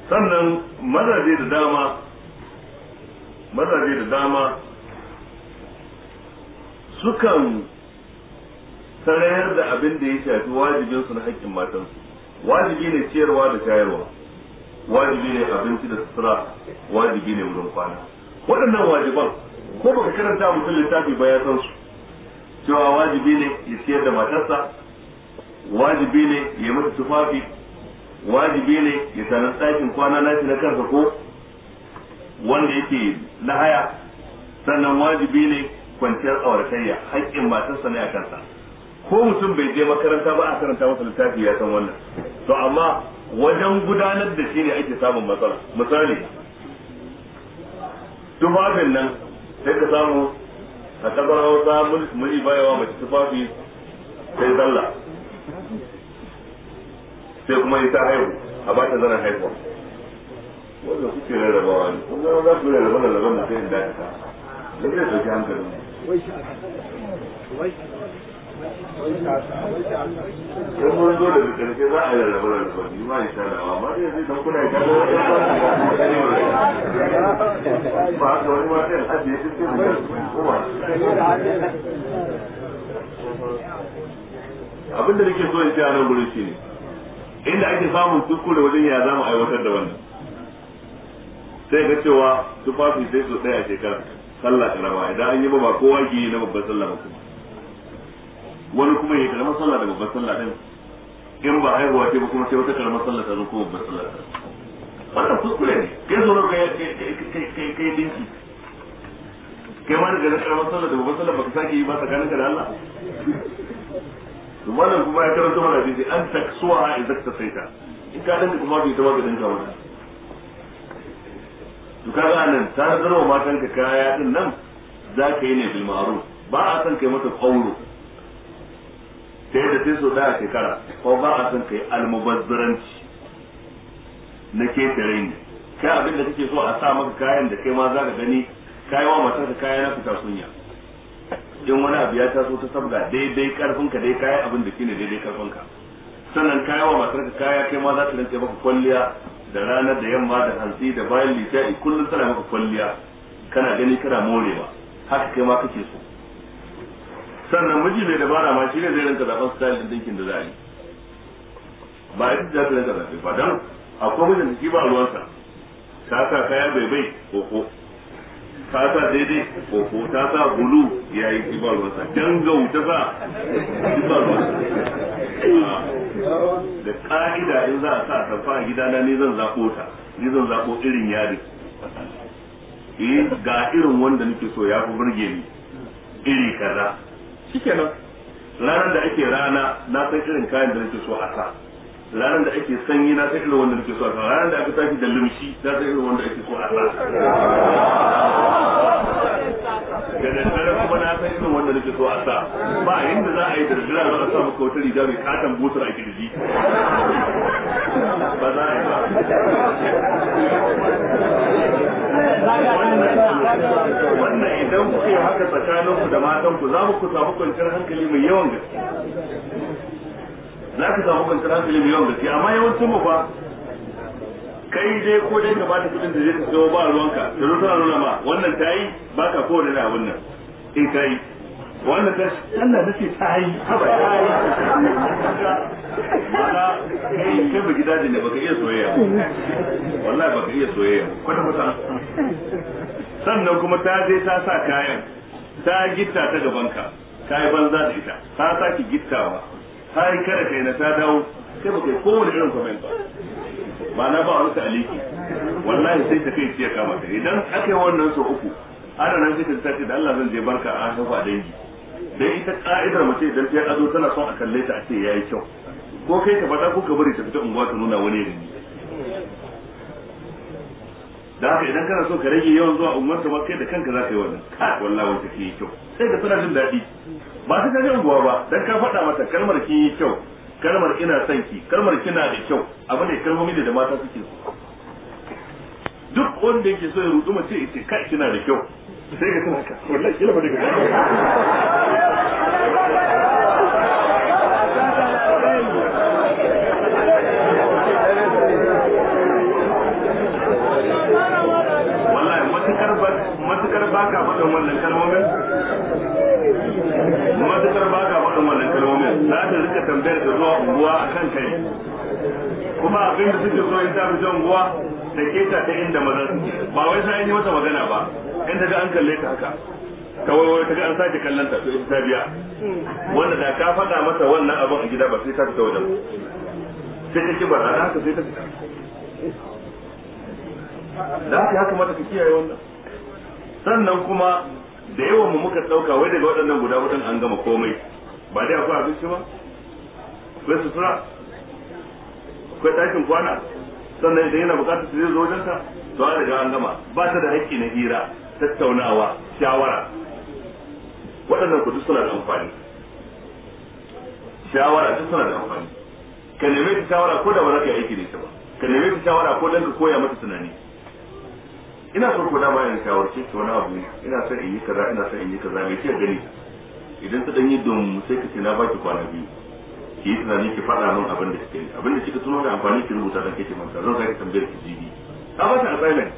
Speaker 1: sannan mazaje da dama mazaje da dama sukan sarayar da abin da ya shafi wajibinsu na haƙƙin matansu wajibi ne ciyarwa da shayarwa wajibi ne abinci da sutura wajibi ne wurin kwana waɗannan wajiban ko baka karanta mutum littafi ba ya san su cewa wajibi ne ya siyar da matarsa wajibi ne ya mata tufafi wajibi ne ya sanar ɗakin kwana nashi na kansa ko wanda yake na haya sannan wajibi ne kwanciyar auratayya haƙƙin matarsa ne a kansa ko mutum bai je makaranta ba a karanta masa littafi ya san wannan to amma wajen gudanar da shi ne ake samun matsala misali tufafin nan sai ka samu a kasar hausa muni bayawa mace tufafi sai zalla sai kuma ita haihu a ba ta zanen haihuwa wanda kuke rarrabawa ne kun zama za ku rarraba da zaben mutum da ta
Speaker 2: da ke da sauki hankalin in mun zo da za a yi rarraba ma ta amma ba wani ma kuma
Speaker 1: abin da nake so in ce a nan gurin shine inda ake samun kuskure wajen ya za mu aiwatar da wannan sai ga cewa tufafi sai so ɗaya a shekara sallah karama idan an yi ba kowa ke yi na babban sallah ba kuma wani kuma ya karamar sallah da babbar sallah din in ba haihuwa ce ba kuma sai wata karamar sallah ta zo ko babbar sallah ta wannan kuskure ne kai zo ka kai dinki kai ma daga karamar sallah da babbar sallah baka sake yi ba tsakanin ka da Allah to wannan kuma ya karanta mana hadisi an taksuwa idan ta saita in ka dinka kuma bai ta maka ka wannan to kaga anan ta zarwa matan ka kaya din nan za ka yi ne bil ma'ruf ba a san kai mata qawlu ta yadda sai so da a shekara ko ba a san kai almubazzaranci na ketare ne kai abin da kake so a sa maka kayan da kai ma za ka gani kai wa matar ka kaya na fita sunya in wani abu ya taso ta sabga daidai karfin ka dai kayan abin da kine daidai karfin ka sannan kai wa matar ka kaya kai ma za ta rinka maka kwalliya da ranar da yamma da hantsi da bayan litai kullum tana maka kwalliya kana gani kana morewa haka kai ma kake so sannan miji mai dabara ma shi ne zai rinka zaɓen style din dinkin da za a yi ba a yi ta rinka zabe ba don akwai mijin da shi ba ruwansa ta sa kaya bai bai koko ta sa daidai koko ta sa bulu ya yi shi ba ruwansa dangau ta sa shi ba ruwansa ah, da ƙa'ida in za a sa tafa a gidana ne zan zaɓo ta ni zan zaɓo irin yari eh, ga irin wanda nake so ya fi burge ni iri kaza shikenan ranar da ake rana na san irin kayan da nake so a sa ranar da ake sanyi na san irin wanda nake so a sa ranar da aka tafi da lumshi na san irin wanda ake so a sa
Speaker 2: da daddare kuma
Speaker 1: na san irin wanda nake so a sa ba yadda za a yi da daddare za a sa maka wata riga mai katon butar a kirji
Speaker 2: ba za a yi ba wannan
Speaker 1: idan kuka yi haka tsakanin ku da matan ku za ku samu kwanciyar hankali mai yawan gaske za ka samu kwanciyar hankali mai yawan gaske amma yawancin mu fa kai dai ko dai ka bata kudin da zai ka sayo ba ruwanka da zo tana nuna ma wannan ta yi ba ka kowane da abin nan in eh, ka yi wannan ta Allah da ce ta yi haba ta yi mana kai kai ba gidaje ne baka iya soyayya wallahi baka iya soyayya kwata kwata sannan kuma ta je ta sa kayan ta gitta ta gaban ka ta yi banza da ita ta saki gittawa ta yi kare kai na ta dawo sai baka yi kowane irin comment ba ba ba wani aliki wallahi sai ta kai ciye kama ta idan aka yi wannan sau uku ana nan sai ta ce da Allah zan je barka a hafa dangi dan ita ka'idar mace idan ta yi ado tana son a kalle ta a ce yayi kyau ko kai ka fada ko ka bari ta fita unguwa ta nuna wani yanzu da haka idan kana so ka rage yawan zuwa unguwar ta ma kai da kanka za ka yi wannan ka wallahi wata ke yi kyau sai ka tana jin daɗi ba ta kaje unguwa ba dan ka faɗa mata kalmar ki yi kyau kalmar ina son ki kalmar kina da kyau abin da kalmomi da mata suke so duk wanda yake so ya rudu mace ya ce kai kina da kyau sai ka tana ka wallahi kila ba daga ba ka faɗin wannan kalmomin Matuƙar ba ka faɗin wannan kalmomin za ta rika tambayar da zuwa unguwa a kan kai kuma abin da suke so in ta fi unguwa da ke ta ta inda maza ba wai sai yi mata magana ba in ta ga an kalle ta haka ta wai ta ga an sake kallon ta su ta biya wanda da ka faɗa mata wannan abin a gida ba sai ta fita wajen sai ta kibar haka sai ta fita da haka ya kamata ka kiyaye wannan sannan kuma da yawan mu muka dauka wai daga waɗannan guda hudun an gama komai ba dai akwai abinci ba akwai sutura akwai ɗakin kwana sannan idan yana bukatar su zai zo wajen ka to an riga an gama ba ta da haƙƙi na hira tattaunawa shawara waɗannan kudu suna da amfani shawara duk suna da amfani ka neme ta shawara ko da ba za ka yi aiki da ita ba ka neme ta shawara ko dan ka koya mata tunani ina son ko dama yin shawarci ki wani abu ina son in yi kaza ina son in yi kaza me kike gani idan ta danyi don sai ka ce na baki kwana biyu ki yi tunani ki faɗa min abin da kike abin da kika tuno da amfani ki rubuta dan kike manta zan sake tambayar ki jibi ka ba ta assignment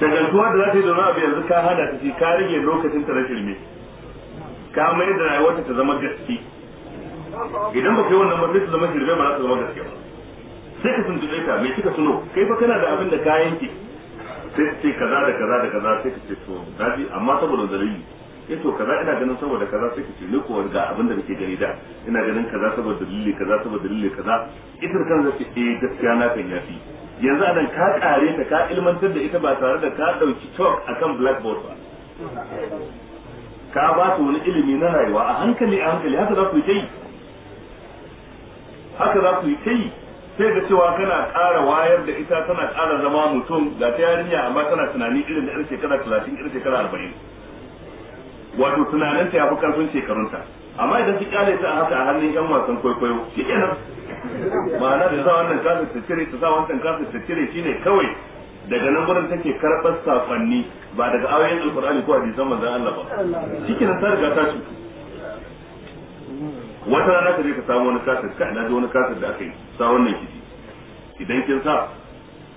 Speaker 1: shagaltuwa da za ta yi da abu yanzu ka hada ta ce ka rage lokacin ta rashin me ka mai da rayuwarta ta zama gaske idan ba ka yi wannan ba sai ta zama shirme ba za ta zama gaske ba sai ka tuntuɓe ka mai kika suno kai fa kana da abin da ka yanke sai ka ce kaza da kaza da kaza sai ka ce to daji amma saboda dalili sai eh to kaza ina ganin saboda kaza sai ka ce ni ko ga abin da nake gani da ina ganin kaza saboda dalili kaza saboda dalili kaza ita kan zai ce eh gaskiya na kan yafi yanzu anan ka kare ta ka ilmantar da ita ba tare da ka dauki chalk akan blackboard ba ka ba su wani ilimi na rayuwa a hankali a hankali haka za ku yi ta yi haka za ku yi ta yi sai da cewa kana ƙara wayar da ita tana ƙara zama mutum da ta yarinya amma tana tunani irin da 'yar shekara talatin irin shekara arba'in wato tunaninta ya fi ƙarfin shekarunta amma idan su ƙyale ta a haka a hannun yan wasan kwaikwayo shi kenan
Speaker 2: ma'ana da sa wannan
Speaker 1: kasa ta cire ta sa wannan kasa ta cire shi ne kawai daga nan gurin take karɓar saƙonni ba daga ayoyin alkur'ani ko hadisan manzon Allah
Speaker 2: ba shi ta riga ta
Speaker 1: cutu wata rana ka je ka samu wani kasar ka na ji wani kasar da aka yi sa wannan kiti idan kin sa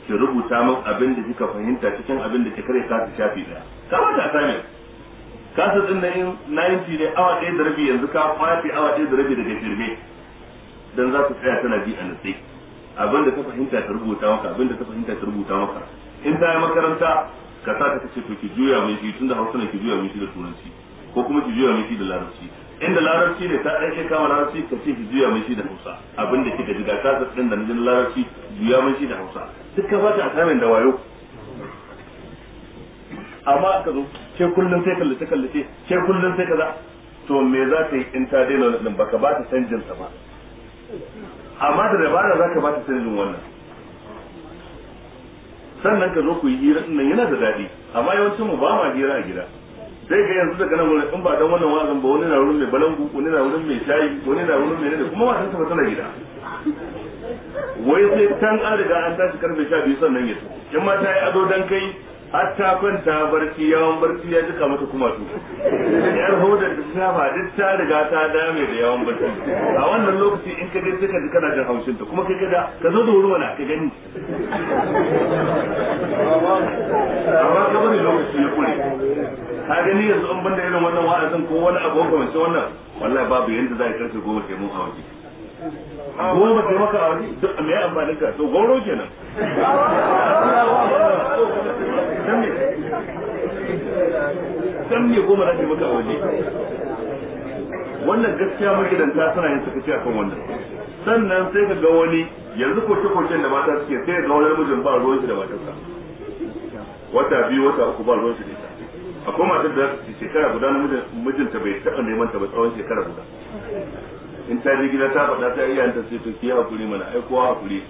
Speaker 1: ki rubuta min abin da kika fahimta cikin abin da kika kare ka shafi daya kamata ta sami Kasar din na yin 90 ne awa ɗaya da rabi yanzu ka kwafi awa ɗaya da rabi daga firme dan za ku tsaya tana ji a natsai abin da ta fahimta ka rubuta maka abin da ta fahimta ka rubuta maka in ta yi makaranta ka sa ka ce ki juya mai shi tunda hausa ne ki juya mai shi da turanci ko kuma ki juya mai shi da larabci inda larabci ne ta aike kama larabci ka ce ki juya mai shi da hausa abin da kika ji ga ta din da nan larabci juya mai shi da hausa duk ka bata asamin da wayo amma ka zo ke kullum sai kallace kallace ke kullum sai kaza to me za ta yi in ta daina wannan baka ba ta canjin sa ba amma da dabara za ka ba ta canjin wannan sannan ka zo ku yi hira nan yana da daɗi amma yawancin mu ba ma hira a gida sai ga yanzu daga nan wurin in ba dan wannan wazan ba wani na wurin mai balangu wani na wurin mai shayi wani na wurin mai ne kuma ba san tana gida wai sai tan an riga an tashi karfe 12 sannan ya tafi in ma ta yi ado dan kai hatta kwanta barci yawan barci ya jika mata kuma su yar hodar da ta ba duk ta riga ta dame da yawan barci a wannan lokaci in ka gaji ka kana jin haushin ta kuma kai kada ka zo da wuri wala ka gani
Speaker 2: amma ka bari lokaci ya kure ka
Speaker 1: gani yanzu an banda irin wannan wa'azin ko wani abu ko wannan wallahi babu yanda za a karfe goma sai mun a waje goma sai maka a wani duk me amfanin ka to goro kenan dan me goma za maka a waje wannan gaskiya magidanta suna yin sakaci akan wannan sannan sai ka ga wani yanzu koke-koken da mata suke sai ga wani mijin ba ruwan shi da matarsa wata biyu wata uku ba ruwan shi da ita akwai matar da shekara guda na mijinta bai taɓa neman ta ba tsawon shekara guda in ta je gida ta faɗa ta iya ta sai to ki hakuri mana ai kowa hakuri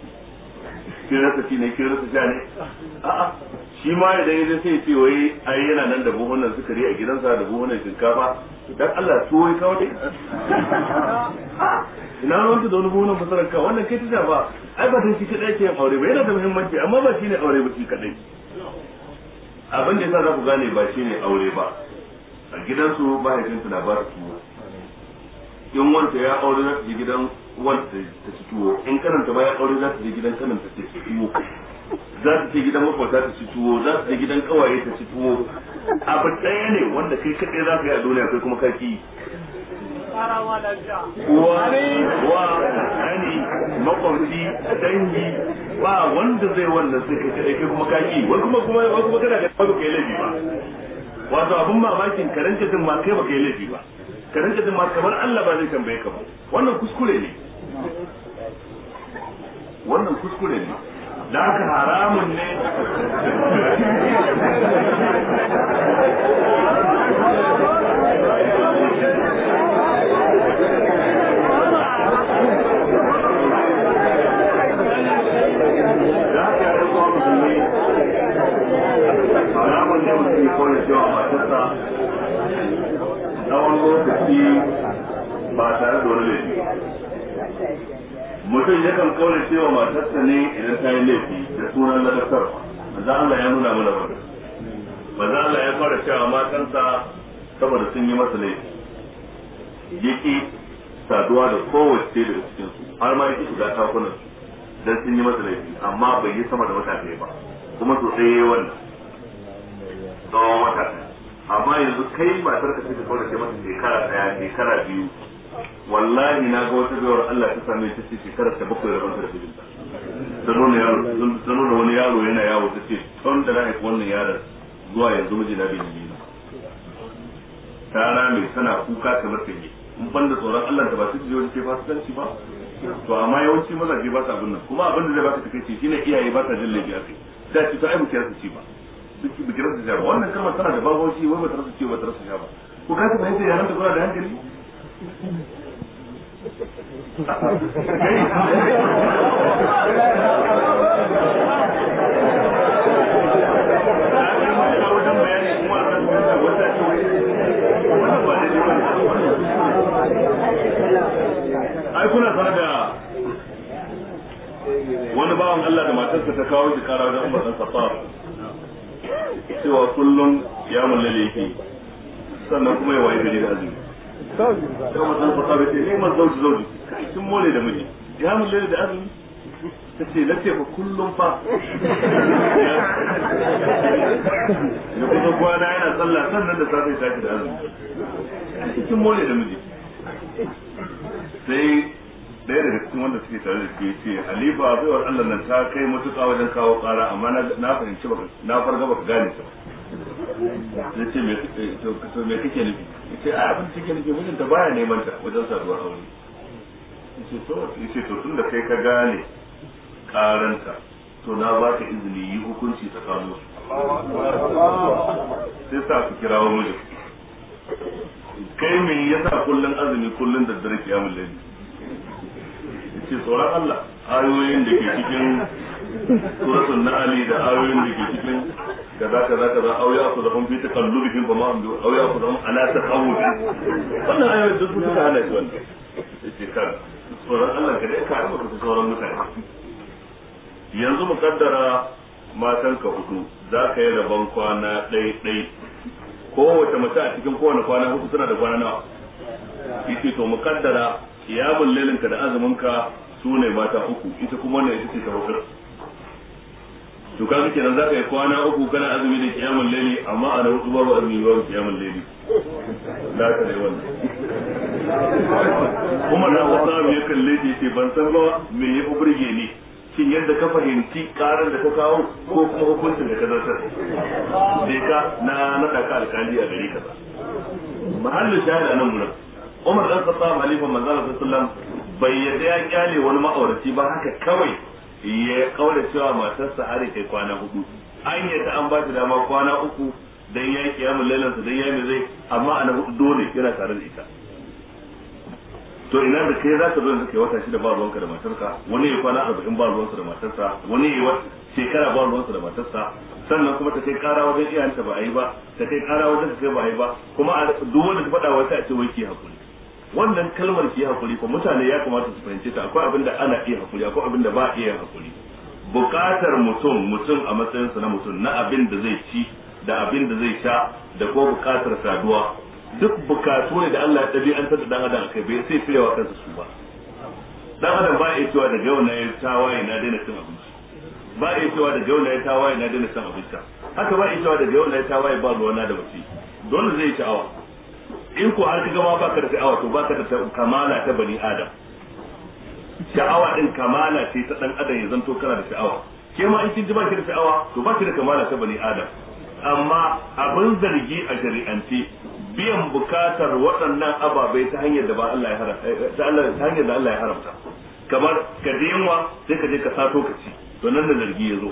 Speaker 1: kin rasa ci ne kin rasa sha ne a'a shi ma idan yaje sai ce wai ai yana nan da buhunan sukari a gidansa da buhunan shinkafa dan Allah to wai wani ina ruwan da wani buhunan fasarar ka wannan kai ta ba ai ba dan shi kadai ke aure ba yana da muhimmanci amma ba shine aure ba shi kadai abin da yasa za ku gane ba shine aure ba a gidansu mahaifinsu na labarin su in wanta ya aure za ta je gidan wanta ta ci tuwo in kananta ba ya aure za ta je gidan kananta ta ci tuwo za ta je gidan makwabta ta ci tuwo za ta je gidan kawaye ta ci tuwo abu ɗaya ne wanda kai kaɗai za ka yi a duniya kai kuma kaki wa hani makwabci dangi ba wanda zai wannan sai kai kaɗai kai kuma kaki wani kuma kuma wani kuma kana ga ba ka yi ba wato abun mamakin karanta din ma kai ba kai yi laifi ba ka rinka jin ma kamar Allah ba zai tambaye ka ba wannan kuskure ne wannan kuskure ne da haka haramun ne
Speaker 2: haramun ne mutum ya
Speaker 1: kone tsawon lokaci ba tare da wani laifi mutum yakan kaure cewa matarsa ne idan ta yi laifi da sunan ladatar maza Allah ya nuna mana wani maza Allah ya fara cewa matansa saboda sun yi masa laifi yake saduwa da kowace daga cikinsu har ma yake shiga takunan su dan sun yi masa laifi amma bai yi sama da wata ba kuma sosai yi wannan tsawon wata ɗaya amma yanzu kai matar ka cikin ka kaurace mata shekara daya shekara biyu wallahi na ga wata gawar Allah ta same ta ce shekara ta bakwai da banta da bijinta ta zano da wani yaro yana yawo ta ce tun da na wannan yaron zuwa yanzu miji na biyu yi na ta rame tana kuka kamar ta yi in ban da tsoron Allah ta ba su jiyo ce ganci ba to amma yawanci mazaje ba sa abin nan kuma abin da zai ba ka shi ne iyaye ba sa jin laifi a kai da ci ta ai ta kiyasa ci ba suke bikirar da jama'a wannan kalmar tana da babawashi wai ba ta rasa ce ba ta rasa sha ba ko ka ta fahimta yaran da kuna da hankali ai kuna tare da
Speaker 2: wani bawan Allah da matarsa
Speaker 1: ta kawo shi kara wajen umarnin safar. cewa kullum ya mullale yake sannan kuma ya waye gari da azumi
Speaker 2: sai mutum ku sabe ce ne ma zauji zauji kai kin mole da
Speaker 1: miji ya mullale da azumi ta ce na ce fa kullum fa ya kusa kwana yana sallah sannan da safe ya tashi da azumi kin mole da miji sai ɗaya daga cikin wanda suke tare da ke ce halifa baiwar Allah nan ta kai mutuka wajen kawo ƙara amma na fahimci ba na farga ba ka gane ta ya ce eh, me kake nufi ya ce a abin cike nufi wajen ta baya neman ta wajen saduwar aure ya ce to tun da kai ka gane ƙaranta to na ba ka izini yi hukunci tsakanin su sai sa su kirawo mijin kai me yasa kullun azumi kullun da dare kiyamul layli ce tsoron Allah ayoyin da ke cikin suratul na'ali da ayoyin da ke cikin kaza kaza kaza bikin ba ma taqallubihim fama hum aw ya'khudhum ala taqawwud wannan ayoyin duk ala ta shi wannan yace kar tsoron Allah ka dai ka rama ka tsoron mutane yanzu mu kaddara ka hudu za ka yi rabon kwana ɗai ɗai kowace mace a cikin kowane kwana hudu suna da kwana nawa yace to mu kaddara ya lailin ka da azumin ka sune mata uku ita kuma ne ita ce ta hudu to kaga kenan ka yi kwana uku kana azumi da qiyamul laili amma ana hudu babu azumi ba qiyamul laili da ka dai wannan kuma na wata mai kalle ce ban san ba me ya burge ni shin yadda ka fahimci karar da ka kawo ko kuma hukuncin da ka zartar sai ka na naka ka alƙali a ka ba mahallin shahada nan muna Umar dan Khattab halifan manzo Allah sallallahu bai yadda ya kyale wani ma'aurati ba haka kawai ya kaura cewa matarsa har kai kwana hudu an yadda an ba shi dama kwana uku dan ya kiyamul lailan sa dan ya me zai amma ana hudu dole yana tare da ita to ina da kai za ka zo da kai wata shida ba ruwanka da matarka wani ya kwana arba'in ba ruwansa da matarsa wani ya shekara ba ruwansa da matarsa sannan kuma ta kai kara wajen iyayenta ba a yi ba ta kai kara wajen ta kai ba a yi ba kuma duk wanda ta faɗa wata a ce wai ki hakuri wannan kalmar ki hakuri ko mutane ya kamata su fahimci ta akwai abin da ana iya hakuri akwai abin da ba iya hakuri bukatar mutum mutum a matsayinsa na mutum na abin da zai ci da abin da zai sha da ko bukatar saduwa duk bukatu ne da Allah ya an da dan adam akai bai sai firewa kansa su ba dan adam ba ya cewa daga yau na ya tawaye na daina cin abinci ba ya cewa daga yau na ya tawaye na daina cin abinci haka ba ya cewa daga yau na ya tawaye ba ruwana da mutum dole zai sha'awa in ko har kaga ma baka da sha'awa to baka da kamala ta bani adam sha'awa din kamala ce ta dan adam ya zanto kana da sha'awa ke ma in kin ji ba ki da sha'awa to ba ki da kamala ta bani adam amma abin zargi a shari'ance biyan bukatar waɗannan ababai ta hanyar da ba Allah ya haramta eh, ta hanyar da Allah ya haramta kamar ka je yunwa sai ka je ka sato ka ci to nan da zargi ya zo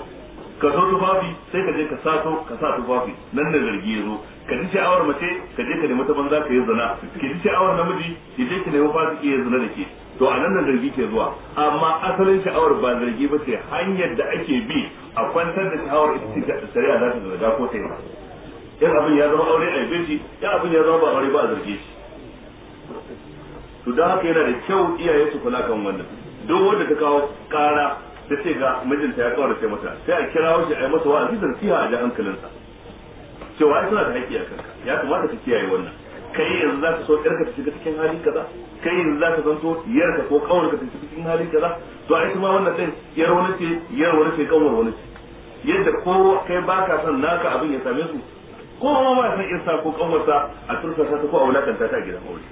Speaker 1: ka so tufafi sai ka je ka sato ka sa tufafi nan da zargi ya zo ka ji sha'awar mace ka je ka nemi ta banza ka yi zina ki ji sha'awar namiji ki je ki nemi fasiki ya zina da ke to a nan nan zargi ke zuwa amma asalin sha'awar ba zargi ba ce hanyar da ake bi a kwantar da sha'awar ita ce shari'a za ta zarga ko ta yi yan abin ya zama aure a yabe shi yan abin ya zama ba aure ba a zarge shi to don haka yana da kyau iyaye su kula kan wannan duk wanda ta kawo kara da ce ga mijinta ya kawar da sai mata sai a kira shi a yi masa wa'azi da siya a ji hankalinsa cewa ai suna da haƙƙi a kanka ya kamata ka kiyaye wannan kai yanzu za ka so yarka ta shiga cikin hali kaza kai yanzu za ka so yarka ko kawar ka ta shiga cikin hali kaza to ai kuma wannan din yar wani ce yar wani ce kawar wani ce yadda ko kai baka son naka abin ya same su ko ma ba san irsa ko kawarsa a turka ta ko a wulakan ta a gidan aure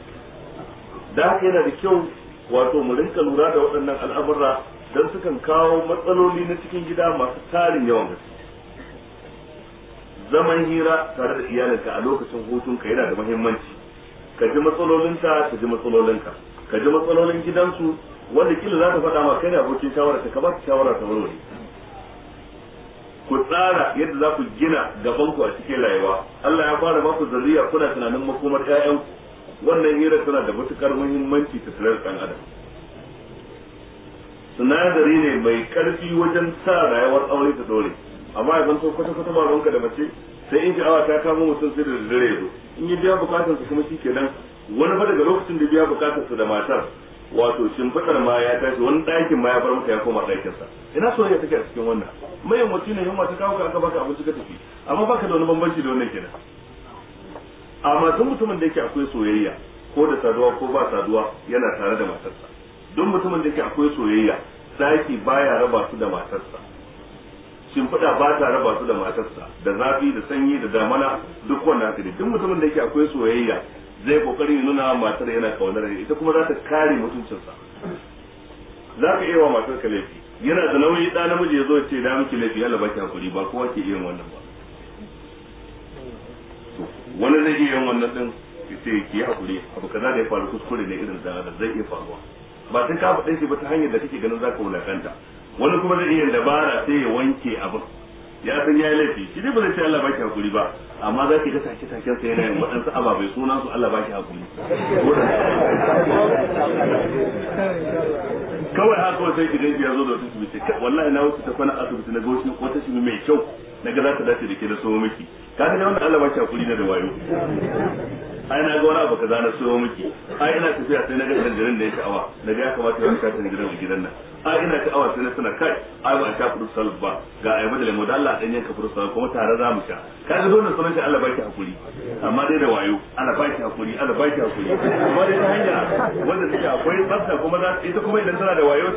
Speaker 1: da haka yana da kyau wato mu rinka lura da waɗannan al'amura don sukan kawo matsaloli na cikin gida masu tarin yawan gaske zaman hira tare da iyalinka a lokacin hutunka yana da muhimmanci ka ji matsalolinka ka ji matsalolinka ka ji matsalolin gidansu wanda kila za ka faɗa ma kai ne abokin shawara ka ba shawara ta warware ku tsara yadda za ku gina gaban ku a cikin rayuwa Allah ya fara maku zuriya kuna tunanin makomar ƴaƴanku wannan hira tana da matukar muhimmanci ta tsirar ɗan adam sinadari ne mai ƙarfi wajen sa rayuwar aure ta dore amma ya zanto kwata kwata ba ranka da mace sai in awa ta kama mutum sai da dare ya zo in yi biya bukatar su kuma shikenan wani ba daga lokacin da biya bukatar su da matar wato shimfiɗar ma ya tashi wani ɗakin ma ya bar maka ya koma sa ina soyayya take a cikin wannan mayan mutum ne yamma ta kawo ka aka baka abinci ka tafi amma baka da wani bambanci da wannan kenan amma duk mutumin da yake akwai soyayya ko da saduwa ko ba saduwa yana tare da matarsa duk mutumin da yake akwai soyayya saki baya raba su da matarsa shimfiɗa ba ta raba su da matarsa da zafi da sanyi da damana duk wannan haka duk mutumin da yake akwai soyayya zai kokarin nuna matar yana kaunar ita kuma za ta kare mutuncinsa za ka iya wa matar ka laifi yana da nauyi ɗa namiji ya zo ce da miki laifi Allah baki hakuri ba kowa ke iya wannan ba wani zai iya yin wannan din ya ce ki yi hakuri abu kaza da ya faru kuskure ne irin da zai iya faruwa ba sai ka faɗa shi ba ta hanyar da kake ganin za ka wulakanta wani kuma zai iya dabara sai ya wanke abin ya san ya laifi shi dai ba zai ce Allah baki hakuri ba amma za ki ga sake saken sa yana yin waɗansu ababai sunan su Allah baki hakuri kawai haka sai yake dai ya zo da wasu bice wallahi na wuce ta kwana asibiti na ga wata shi mai kyau na ga za ta dace da ke da so miki ka ga wanda Allah baki hakuri na da wayo ai na ga wani abu kaza na so miki ai ina tafiya sai na ga dangarin da ya sha'awa na ga ya kamata ya wanka ta gidan gidan nan ai ina ta awa sai na kai ai ba a sha furut ba ga ayaba da lemo da Allah dan yanka furut salad kuma tare za mu sha kaga zo nan sunan shi Allah baki hakuri amma dai da wayo Allah baki hakuri Allah baki hakuri amma dai ta hanya wanda take akwai tsafta kuma za ita kuma idan tana da wayo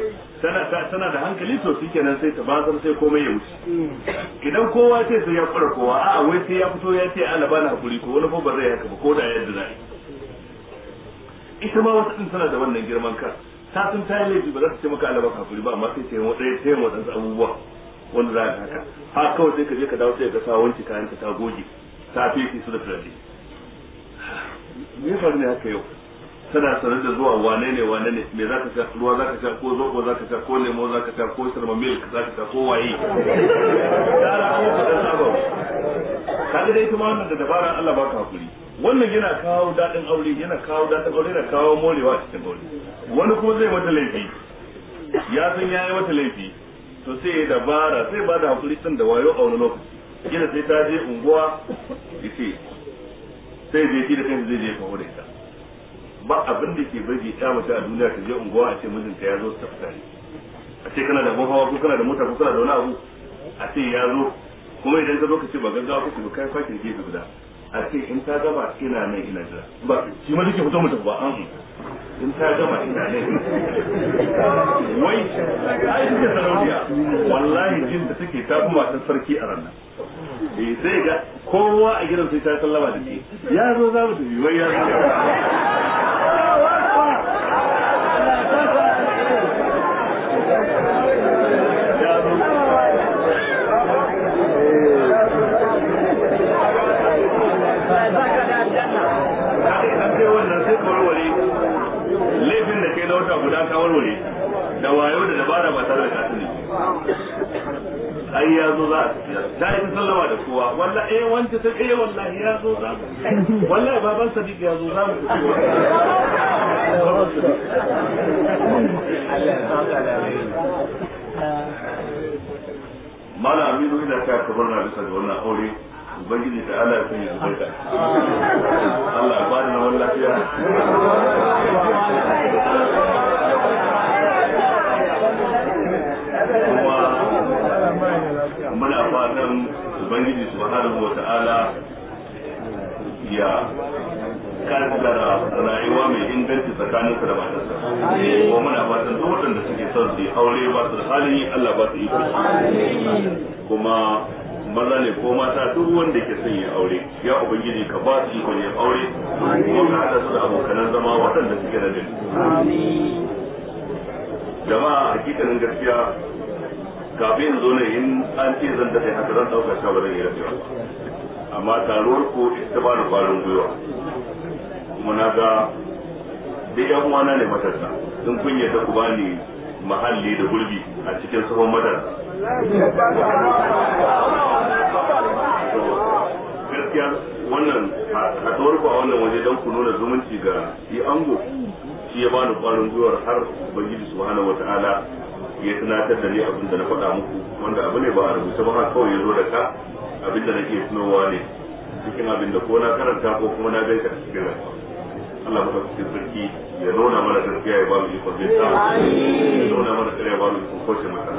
Speaker 1: tana tana da hankali to shikenan sai ta bazar sai komai ya wuce idan kowa sai sai ya fara kowa a'a wai sai ya fito ya ce Allah bana hakuri ko wani ba zai haka ba ko da yadda zai ita ma wasu din tana da wannan girman kai ta sun ta yi laifi ba za ta ce maka Allah ba ba amma sai ta yi wadai ta yi wadansu abubuwa wanda za ka haka ha kawai sai ka je ka dawo sai ka sa wanci kayan ta goge ta fi su da turare me ya faru ne haka yau tana sanar da zuwa wane ne wane ne me za ka sha ruwa za ka sha ko zobo za ka sha ko lemo za ka sha ko sarma milk za ka sha ko waye ko an yi faɗin sabon kaga dai kuma wannan da dabara Allah ba ka hakuri wannan yana kawo daɗin aure yana kawo daɗin aure yana kawo morewa a cikin aure wani kuma zai mata laifi ya san ya yi mata laifi to sai ya dabara sai ba da hakuri san da wayo a wani lokaci kila sai ta je unguwa ya ce sai zai ci da kai zai je ya kawo da ita ba abin da ke bai ta mace a duniya ta je unguwa a ce mijinta ya zo ta fita a ce kana da abin ko kana da mota ko kana da wani abu a ce ya zo kuma idan ka zo ka ce ba gaggawa ko ba kai fakin gefe guda a ce in ta gaba ina nan ina jira ba shi ma duke fito mutum ba an in ta gaba ina nan wai ai duke sarauniya wallahi jin da take ta kuma ta sarki a ranar eh sai ga kowa a gidan sai ta sallama da ke. ya zo za mu tafi wai ya
Speaker 2: zo <laughs>
Speaker 1: da wayo da dabara ba tare da kasani ai ya zo za ta yi sallama da kowa walla eh wanda ta eh wallahi ya zo za mu wallahi baban sadiq ya zo za mu mala aminu ina ta kabar na bisa da wannan aure ubangiji ta ala sun yi zubaita Allah ba da na wallafiya kuma muna fatan ubangiji subhanahu wa ta'ala ya kaddara rayuwa mai inganci tsakanin da matarsa kuma muna fatan duk waɗanda suke son su yi aure ba su da halin Allah ba su iko kuma maza ne ko mata duk wanda ke son yin aure ya ubangiji ka ba su yi ya aure kuma ka hada su da abokanan zama waɗanda suke da dai jama'a hakikanin gaskiya kafin zo ne in an ce zan da haka zan dauka sha ba zan yi rabewa amma taruwar ku ta ba da kwarin gwiwa kuma na ga duk yan uwana ne matasa sun kun ta ku bani mahalli da gurbi a cikin sabon matasa gaskiya wannan a ku a wannan waje don ku nuna zumunci ga yi ango shi ya bani kwarin gwiwar har ubangiji subhanahu wataala ya tunatar da ni abin da na faɗa muku wanda abu ne ba a rubuta ba kawai ya zo da ka abin da nake tunowa ne cikin abin da ko na karanta ko kuma na gaisa a cikin rayuwa Allah maka cikin sarki ya nuna mana gaskiya ya ba mu ikon bin sa ya nuna mana kare ya ba mu ikon kwace mata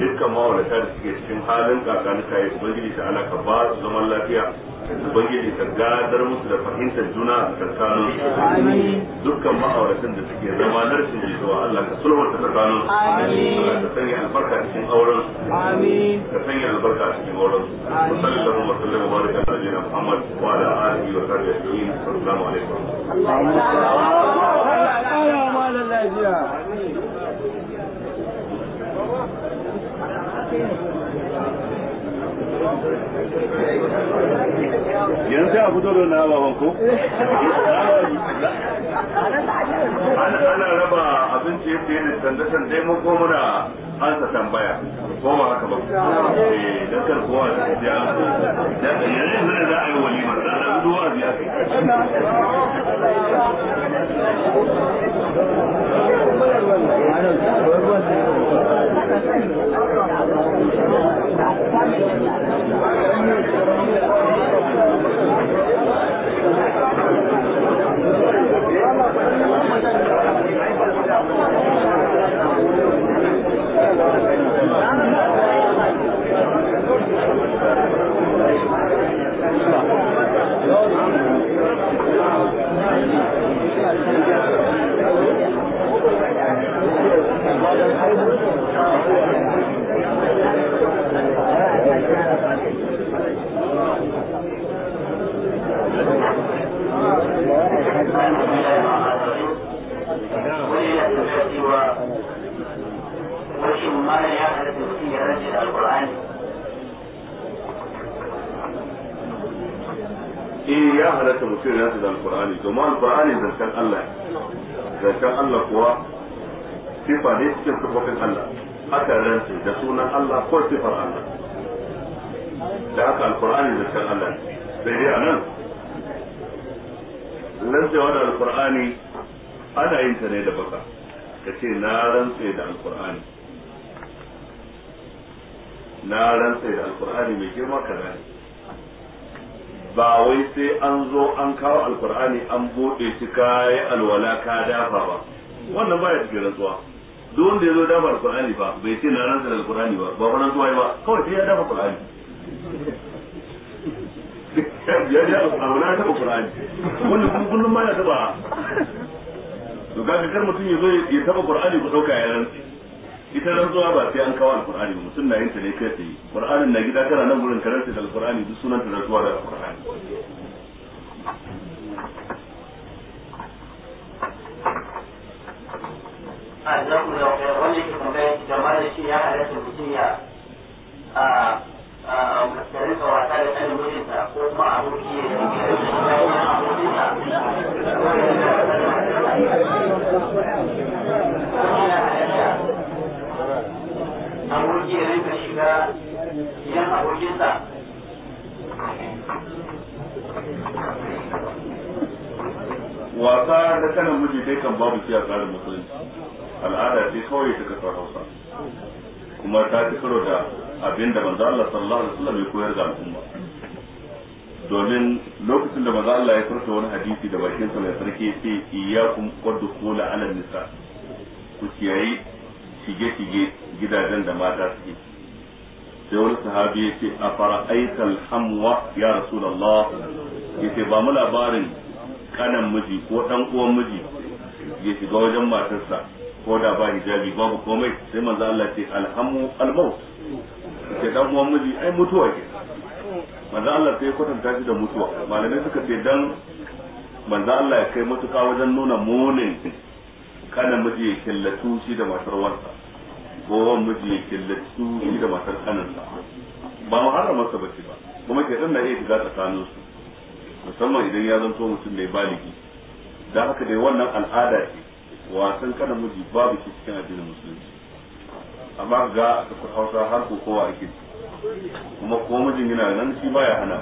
Speaker 1: dukkan mawalata da suke cikin halin kakanuka ya ubangiji ta alaka ba zaman lafiya ubangiji ka gadar musu da fahimtar juna a tsakanin su dukkan ma'auratan da suke zama na rashin jituwa Allah ka sulhu ta tsakanin su Allah ka sanya albarka cikin auren su ka sanya albarka cikin auren su sallallahu alaihi wa sallam wa baraka ala nabiyina Muhammad wa ala alihi wa sahbihi ajma'in assalamu alaikum
Speaker 2: Thank you. yanzu sai a fito
Speaker 1: da na baban ko ana raba abinci yadda yana sandasan dai mun ko muna ansa tambaya ko ba haka ba eh dan kar kowa ya yanzu ne za a yi walima da na zuwa a biya kai Thank you. No, eh ya halatta mutum ya su da alkur'ani domin alkur'ani zancen Allah zancen Allah kuwa sifa ne cikin sifofin Allah aka rance da sunan Allah ko sifar Allah da haka alkur'ani zancen Allah sai dai a nan rantsewa da alkur'ani ana yin ta ne da baka ka ce na rantse da alkur'ani na rantse da alkur'ani mai girma kaza ne ba wai sai an zo an kawo alkur'ani an buɗe shi kayi alwala ka dafa ba wannan baya cikin rantsuwa duk wanda ya zo dafa alkur'ani ba bai ce na rantsa da alkur'ani ba ba wannan zuwa ba kawai sai ya dafa alkur'ani ya ji alwala ya taɓa alkur'ani wannan kuma kullum ma ya taɓa to ga kar mutum ya zo ya taɓa alkur'ani ku ɗauka ya rantsi ita rantsuwa ba sai an kawo al'kur'ani mutum na yin ta ne kai tsaye qur'anin na gida tana nan gurin karanta da al'kur'ani duk sunan ta rantsuwa da alqur'ani
Speaker 2: da wanda ke a wasa da aboki ya rinka shiga yan abokinsa
Speaker 1: wasa da sanin miji dai kan babu shi a tsarin musulunci al'ada ce kawai ta kasar hausa kuma ta ci karo da abin da manzo Allah sallallahu alaihi wasallam ya koyar da al'umma domin lokacin da manzo Allah ya furta wani hadisi da bakin sa mai sarki yace iyyakum qad dukhula ala nisa ku kiyaye shige-shige gidajen da mata suke sai wani sahabi ya ce a fara fara'aitar hamwa ya rasulallah ya ce ba mu labarin kanan miji ko dan uwan miji ya shiga wajen matarsa ko da ba hijabi babu komai sai manzo Allah ce alhamu almaut ke dan uwan miji ai mutuwa ke manzo Allah sai kwatanta shi da mutuwa malamai suka ce dan manzo Allah ya kai mutuka wajen nuna munin Kanan miji ya killatu shi da matar wansa ko miji ya killatu shi da matar kaninsa ba mu harama sa bace ba kuma ke na iya shiga tsakanin su musamman idan ya zanto mutum mai baligi dan haka dai wannan al'ada ce wasan kana miji babu shi cikin addinin musulunci amma ga a hausa har ko kowa ake kuma ko mijin yana nan shi baya hana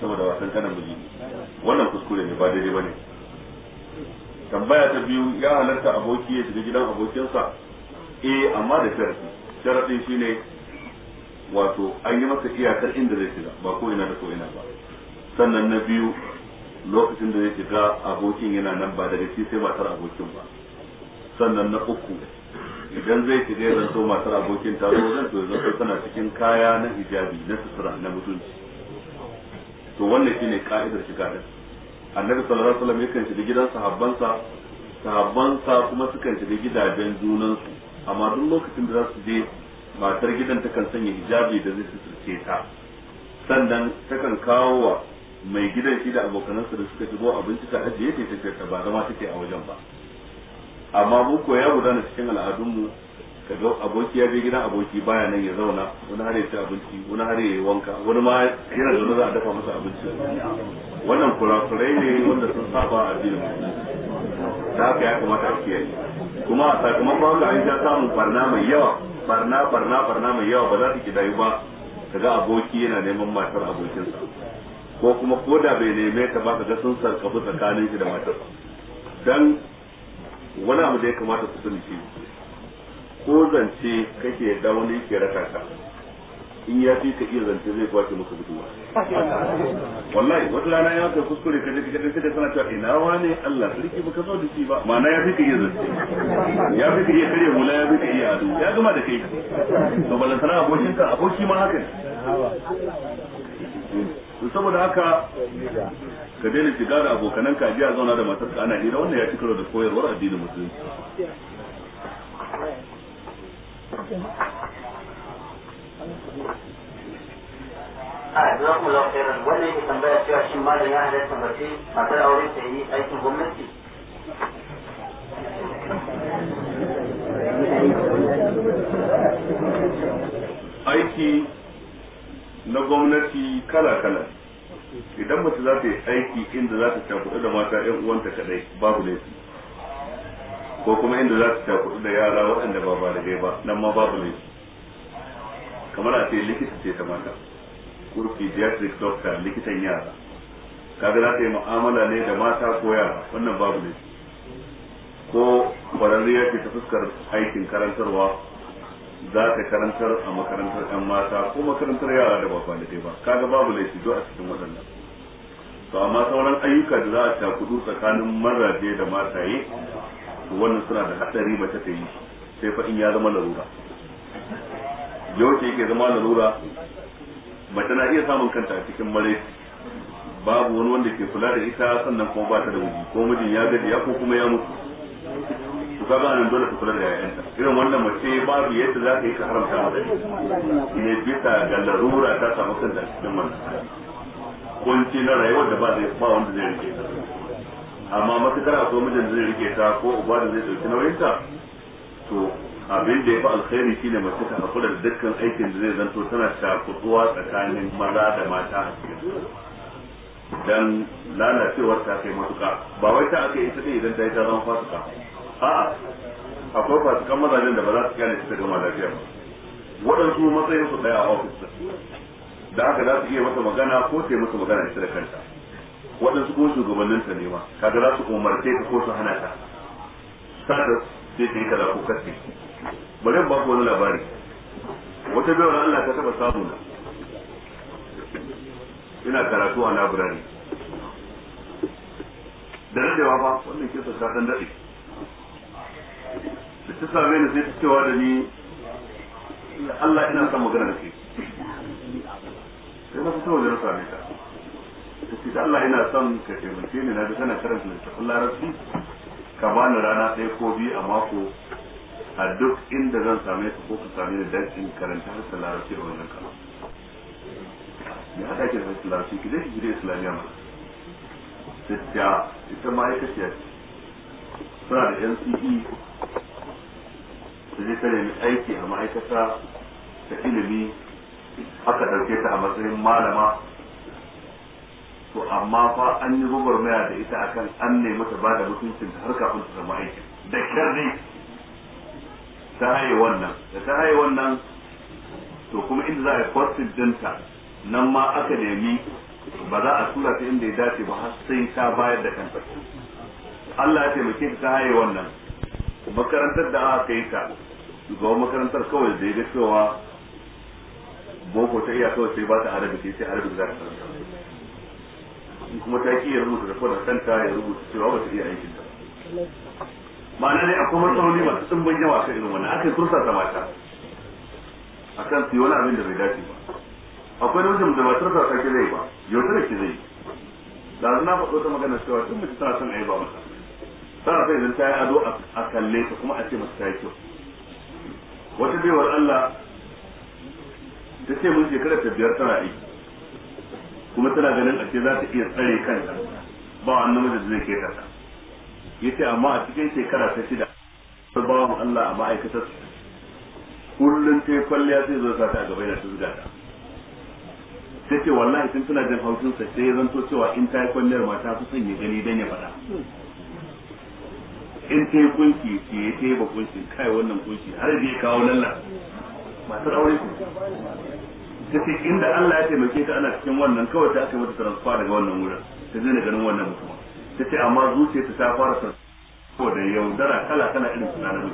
Speaker 1: saboda wasan kana miji wannan kuskure ne ba daidai ba ne tambaya ta biyu ya halarta aboki ya shiga gidan abokinsa eh amma da sharadi sharadin shine wato an yi masa iyakar inda zai shiga ba ko ina da ko ina ba sannan na biyu lokacin da zai shiga abokin yana nan ba daga shi sai matar abokin ba sannan na uku idan zai shiga ya zanto matar abokin ta zo zan to zan tana cikin kaya na hijabi na sutura na mutunci to wannan shine ka'idar shiga da su annabi sallallahu alaihi wasallam yakan shiga gidan sahabbansa sahabbansa kuma sukan shiga gidajen junansu amma duk lokacin da za su je matar gidan ta kan sanya hijabi da zai suturce ta sannan takan kawo wa mai gidan shi da abokanansa da suka shigo abinci ta ajiye ta tafiyar ta ba zama take a wajen ba amma mu ko ya gudana cikin al'adunmu kaga aboki ya je gidan aboki baya nan ya zauna wani har ya ci abinci wani har ya yi wanka wani ma yana da za a dafa masa abinci wannan kurakurai ne wanda sun saba a addinin da haka ya kamata a kiyaye kuma sakamakon haka an ta samun barna mai yawa barna barna barna mai yawa ba za su kidayu ba kaga aboki yana neman matar abokinsa ko kuma ko da bai neme ta ba kaga sun sarkafu tsakanin shi da matar dan wani abu da ya kamata ku sani shi ko zance kake da wani ke raka ka in ya fi ka iya zance zai kwace maka mutuwa wallahi wata rana ya ka kuskure ka je kadan dace sana cewa ina wane Allah sarki baka zo da shi ba ma'ana ya fi ka iya zance
Speaker 2: ya fi ka iya kare hula ya fi ka iya adu ya
Speaker 1: gama da kai to ballan sana abokin ka aboki ma haka saboda haka ka daina shiga da abokanan ka a zauna da matarka ana hira wannan ya ci karo da koyarwar addinin musulunci
Speaker 2: tambaya aure yi gwamnati
Speaker 1: aiki na gwamnati kala-kala idan mace za ta yi aiki inda za ta shafi da mata 'yan uwanta kadai babu laifi ko kuma inda za su takudu da yara waɗanda ba balibai ba nan ma babu ne kamar a ce likita ce ta mata kurfi pediatric doctor likitan yara kaga za ta yi mu'amala ne da mata ko yara wannan babu ne ko kwararriya ce ta fuskar aikin karantarwa za ta karantar a makarantar 'yan mata ko makarantar yara da ba balibai ba kaga babu laifi do a cikin waɗannan to amma sauran ayyuka da za a cakudu tsakanin mazaje da mata yi. to wannan suna da hatsari mace ta yi sai fa in ya zama larura ce yake zama larura mace na iya samun kanta a cikin mare babu wani wanda ke kula da ita sannan kuma ba ta da wuji ko mijin ya gaji ya ko kuma ya mutu su ka ga nan dole su kula da yayanta irin wannan mace babu yadda za ka yi ka haramta mata ne bisa ga larura ta samu kanta a cikin mare kunci na rayuwar da ba wanda zai rike ta amma matukar a so mijin zai rike ta ko uba da zai dauki nauyin ta to abin da ya fi alkhairi shine mace ta haƙu da dukkan aikin da zai zanto tana shafuwa tsakanin maza da mata a cikin dan lalacewar ta kai matuka ba wai ta aka yi ta idan ta yi ta zama fasuka. a'a akwai fasukan mazajen da ba za su kyale su daga lafiya ba waɗansu matsayin su ɗaya a ofis da haka za su iya masa magana ko ta yi masa magana ita da kanta waɗansu kuma shugabannin ta nema kaga za su umarce ka ko su hana ta sada sai ta yi kaza ko kasi bari ba ku wani labari wata biyar Allah ta taba samu na ina karatu a labirari da dadewa ba wannan kisa ta dan dade da ta same ni sai ta cewa da ni Allah ina son magana da kai sai masu fito da na same ta ta ce da Allah ina son ka taimake ni na da sana karanta littafin larabci ka bani rana ɗaya ko biyu a mako a duk inda zan same ka ko ka same ni dan in karanta harsa larabci a wajen kama. ya haɗa ke da harsa larabci ki je ki gida islamiyya ma ta ita ita ce suna da NCE su je ta nemi aiki a ma'aikata da ilimi aka ɗauke ta a matsayin malama to amma fa an yi gwagwarmaya da ita akan an nemi ta ba da mutuncin har kafin ta samu aiki da kyar ta haye wannan da ta haye wannan to kuma inda za a yi kwastin dinta nan ma aka nemi ba za a tura ta inda ya dace ba har sai ta bayar da kanta Allah ya taimake ta ta haye wannan makarantar da aka yi ta ga makarantar kawai da ya ga cewa boko ta iya kawai sai ba ta arabi sai arabi za ta karanta in kuma ta ki ya rubuta da kodar kanta ya rubuta cewa ba ta iya aikin ta ma'ana ne akwai matsaloli masu tsimbin yawa kan irin wannan akan kursa ta mata a su yi wani abin da bai dace ba akwai mutum da matar ta sake zai ba yaudara ki zai da na faɗo ta magana cewa tun mace tana son a yi ba mata tana sai idan ta yi ado a kalle ta kuma a ce mata ta yi kyau wata baiwar Allah ta ce mun shekara ta biyar tana aiki kuma tana ganin ce za ta iya tsare kanta ba wannan namiji zai ke kasa ce amma a cikin shekara ta shida ta bawan Allah a ma'aikatar kullum ta kwalliya sai zo a gaba yana ta zuga ta Ta ce wallahi sun tana jin haushin sa sai zanto cewa in ta yi kwalliyar ma ta fi gani dan ya faɗa in ta yi kunki ce ya ta yi ba kunki kai wannan kunki har ya kawo lalla matar aure ku ta ce inda Allah ya taimake ka ana cikin wannan kawai ta aka mata transfer daga wannan wurin ta zai ganin wannan mutum ta ce amma zuciyarta ta fara sarrafa da yaudara kala kala irin suna na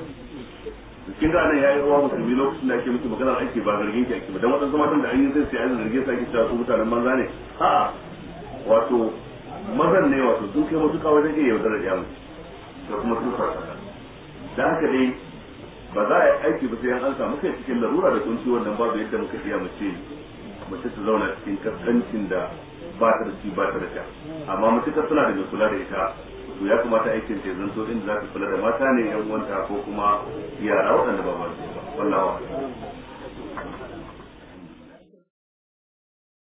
Speaker 1: cikin da nan yayi ruwa musulmi lokacin da ake miki magana ake ba zargin ki ake ba dan wadansu matan da an yi zai sai an zarge sa ake cewa su mutanen banza ne a wato mazan ne wato sun kai mutuka wajen iya yaudarar yamu da kuma sun fara da haka dai ba za a yi aiki ba sai yan an samu kai cikin larura da kunci wannan babu yadda muka iya mace mace ta zauna cikin kaskancin da ba ta da shi ba ta da sha amma ta suna da mai kula da ita to ya kamata aikin ta zanto inda za ta kula da mata ne yan uwanta ko kuma yara waɗanda ba su ba wallahi